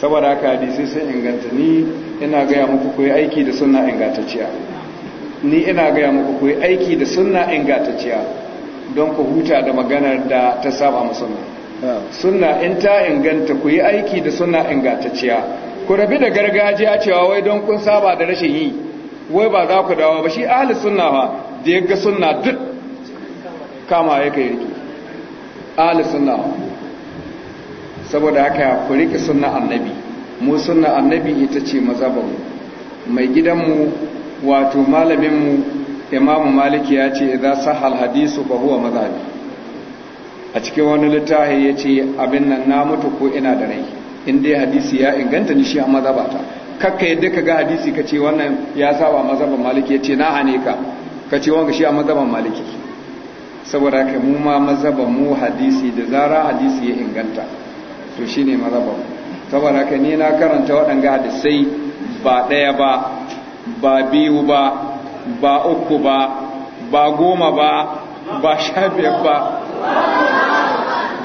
saboda haka hadisi sun inganta ni ina gaya muku koyi aiki da sunna ingantacciya ni ina gaya muku koyi aiki da sunna ingantacciya don ku huta da maganar da ta saba musulmi ah. sunna in ta inganta ku yi aiki da sunna ingantacciya ku rabi da gargajiya cewa wai don kun saba da rashin yi wai ba za ku dawo ba shi ahli sunna ba da ya ga sunna duk kama ya kai riki ahli sunna saboda haka ku riki sunna annabi mu sunna annabi ita ce mazabar mai gidanmu wato malaminmu imamu maliki ya ce idan hal hadisu ba huwa mazabi a cikin wani littafi ya ce abin nan na mutu ko ina da rai in dai hadisi ya inganta ni shi a mazhaba ta kakka yadda ka ga hadisi ka ce wannan ya saba mazhaban maliki ya ce na hane ka ka ce wanga shi a mazhaban maliki saboda ka mu ma mazhaban mu hadisi da zara hadisi ya inganta to shi ne mazhaban saboda ka ni na karanta waɗanga hadisai ba ɗaya ba ba biyu ba ba uku ba ba goma ba ba sha biyar ba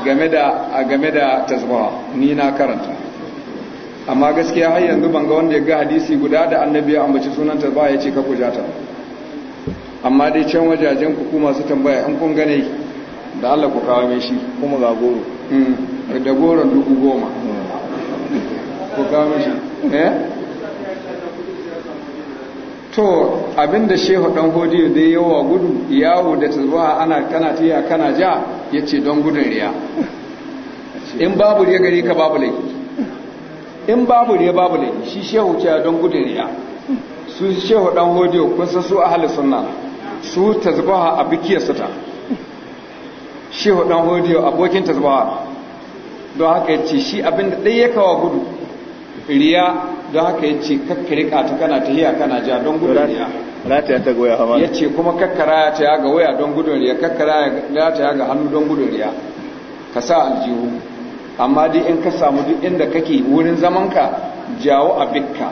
game da game da tazwara ni na karanta amma gaskiya har yanzu ban ga wanda ya ga hadisi guda da annabi ya ambaci sunan tazwara ya ce ka kujata amma dai can wajajen ku kuma su tambaya in kun gane da Allah ku kawo mai shi kuma ga goro hmm. da goron dubu goma hmm. ku kawo mai shi eh to abinda shehu dan hodiyo da yawa gudu yawo da tazbaha ana kana tiya kana ja yace don gudun riya in babu riya gare ka babu laifi in babu riya babu laifi shi shehu ce don gudun riya su shehu dan hodiyo kun san su ahli sunna su tazbaha a bikiyar sata ta shehu dan hodiyo abokin tazbaha don haka yace shi abinda dai ya kawo gudu riya don haka ya ce kakkarika ta kana tahiya kana ja don gudun riya rataya ta goya ya ce kuma kakkara ta ya waya don gudun riya kakkara ya ta yaga hannu don gudun riya ka sa aljihu amma dai in ka samu duk inda kake wurin zamanka jawo a bikka.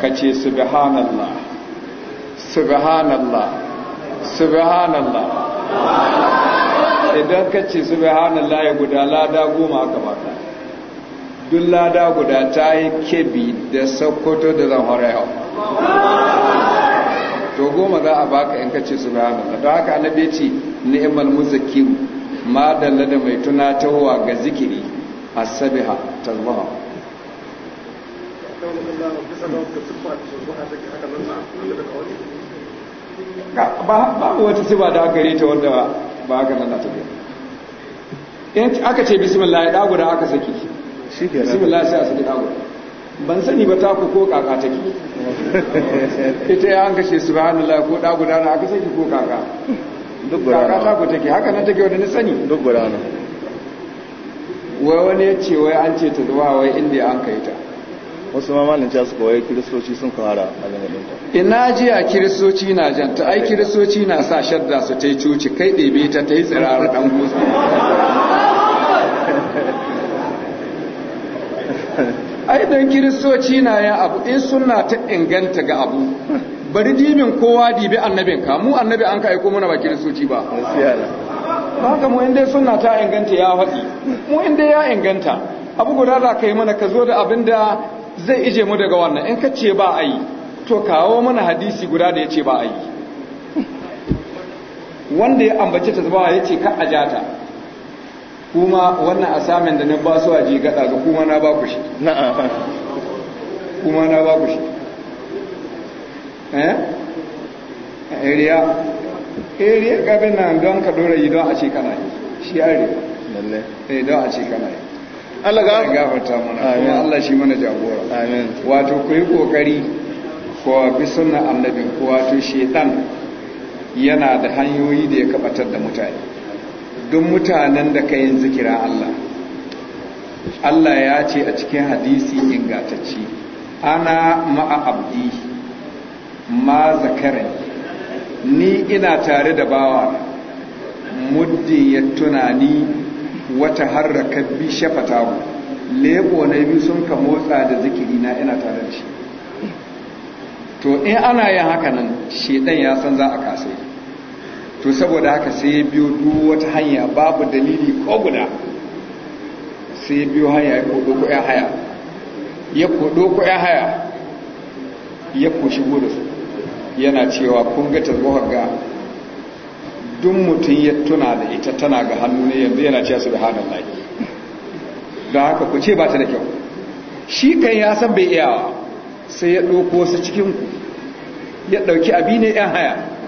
ka ce subhanallah subhanallah subhanallah idan ka ce subhanallah ya guda lada goma aka baka duk lada guda ta yi kebi da sokoto da zamfara yau to goma za a baka in kace subhanallah don haka annabi ce ni'mal muzakkim ma dalla da mai tunatarwa ga zikiri asabiha tazbaha ba wata siba da gare ta wanda ba haka nan na biya. in aka ce bismillah ya dago da aka saki bismillah sai a sadi kawo ban sani ba taku ko kaka take ita ya an kashe subhanallah ko da dana aka saki ko kaka duk kaka taku take haka nan take wani sani duk gudana wai wani ya ce wai an ce ta zuwa wai inda an kai ta wasu mamalin ta suka wai kiristoci sun fara a lamarinta ina ji a kiristoci na janta ai kiristoci na sa shadda su ta yi cuci kai ɗebe ta ta yi tsirara ɗan gusa ai dan kiristoci na yin abu in suna ta inganta ga abu bari dibin kowa dibi annabin ka mu annabi an ka aiko mana ba kiristoci ba haka mu inda suna ta inganta ya haɗi mu inda ya inganta abu guda za ka yi mana ka zo da abin da zai ije mu daga wannan in ka ce ba a yi to kawo mana hadisi guda da ya ce ba a yi wanda ya ambace ta zaba ya ce ka ajata ta. kuma wannan asamen da na ba su aji gada ga kuma na ba ku shi kuma na ba ku shi eh area area gabin nan don ka dora yi don a ce kana yi shi are lalle eh don a ce kana yi Allah ga gafarta mana amin Allah shi mana jagora amin wato ku yi kokari ko bi sunna annabi ko wato shaytan yana da hanyoyi da ya kabatar da mutane duk mutanen da ka yin zikira Allah Allah ya ce a cikin hadisi ingatacci ana ma'a abdi ma zakarin ni ina tare da bawa muddin ya tunani wata harraka bi shafata mu lebo na biyu sun ka motsa da zikiri na ina tare da shi to in ana yin hakanan nan shedan ya san za a kasai to saboda haka sai ya biyo duk wata hanya babu dalili ko guda sai ya biyo hanya ya kodo ko ya haya ya kodo ko ya haya ya ko shigo da su yana cewa kun ga tazwahar ga duk mutum ya tuna da ita tana ga hannu ne yanzu yana cewa subhanallahi don haka ku ce ba ta da kyau shi kan ya san bai iyawa sai ya ɗauko wasu cikinku ya ɗauki abi ne ƴan haya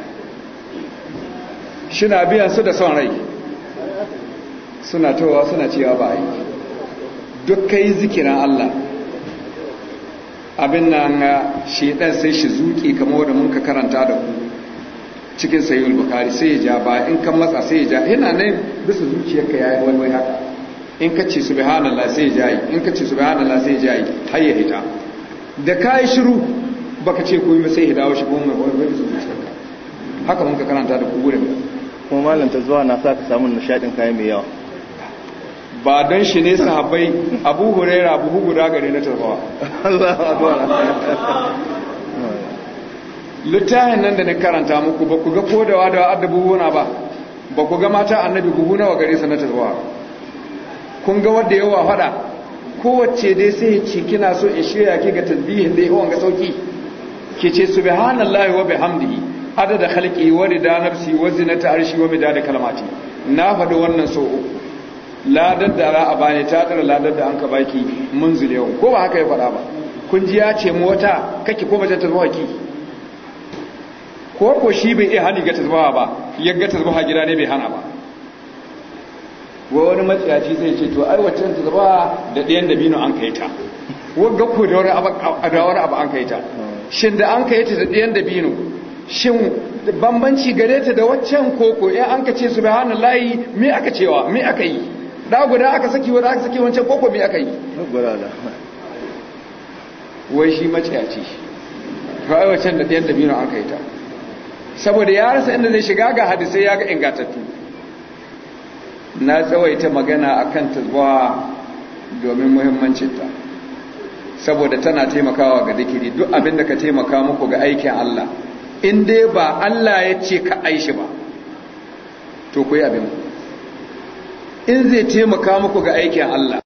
shina biyan su da son rai suna towa suna cewa ba yi duk kai zikirin Allah abin nan ɗan ah, sai shi zuƙi kama wadda mun ka karanta da ku cikin sayyid bukhari sai ya ja ba in kan matsa sai ya ja yana nan bisa ya yayi wani haka in ka ce su subhanallah sai ya jayi in ka ce su subhanallah sai ya jayi har ya hita da ka yi shiru baka ce komai sai ya dawo shi kuma mai wani bisa zuciyarka haka mun ka karanta da ku gudun kuma malam ta zuwa na sa ka samu nishadin kayan mai yawa ba don shi ne sahabbai abu huraira abu guda gare na tarbawa littafin nan da na karanta muku ba ku ga kodawa da adabubuwa ba ba ku ga mata annabi buhu wa gare sa na tarbawa kun ga wadda yawa fada kowace dai sai ya ce kina so in shirya ki ga tasbihin da yawan ga sauki ke ce subhanallahi wa bihamdihi da halki wa rida nafsi wa zinata arshi wa midada kalmati na faɗi wannan so ladar da a bane ta tara ladar da an ka baki munzil yau ko ba haka ya faɗa ba kun ji ya ce mu wata kake ko ta zuwa ki ko ko shi bai iya hali ga tazbaha ba ya ga tazbaha gida ne bai hana ba wa wani matsayaci zai ce to ai waccan tazbaha da ɗayan bino an kai ta wagga ko da wani abu an kai ta shin da an kai ta da ɗayan bino shin bambanci gare ta da waccan koko ya eh, an ka ce subhanallahi me aka cewa me aka yi da guda aka saki wanda aka saki wancan koko me aka yi wai shi maciyaci kawai waccan da ɗayan dabino an kai ta saboda ya rasa inda zai shiga ga hadisai ya ga ingatattu na tsawaita magana a kan tazwa domin muhimmancinta saboda tana taimakawa ga dikiri duk abin da ka taimaka muku ga aikin Allah in dai ba Allah ya ce ka aishi ba to ku yi abin in zai taimaka muku ga aikin Allah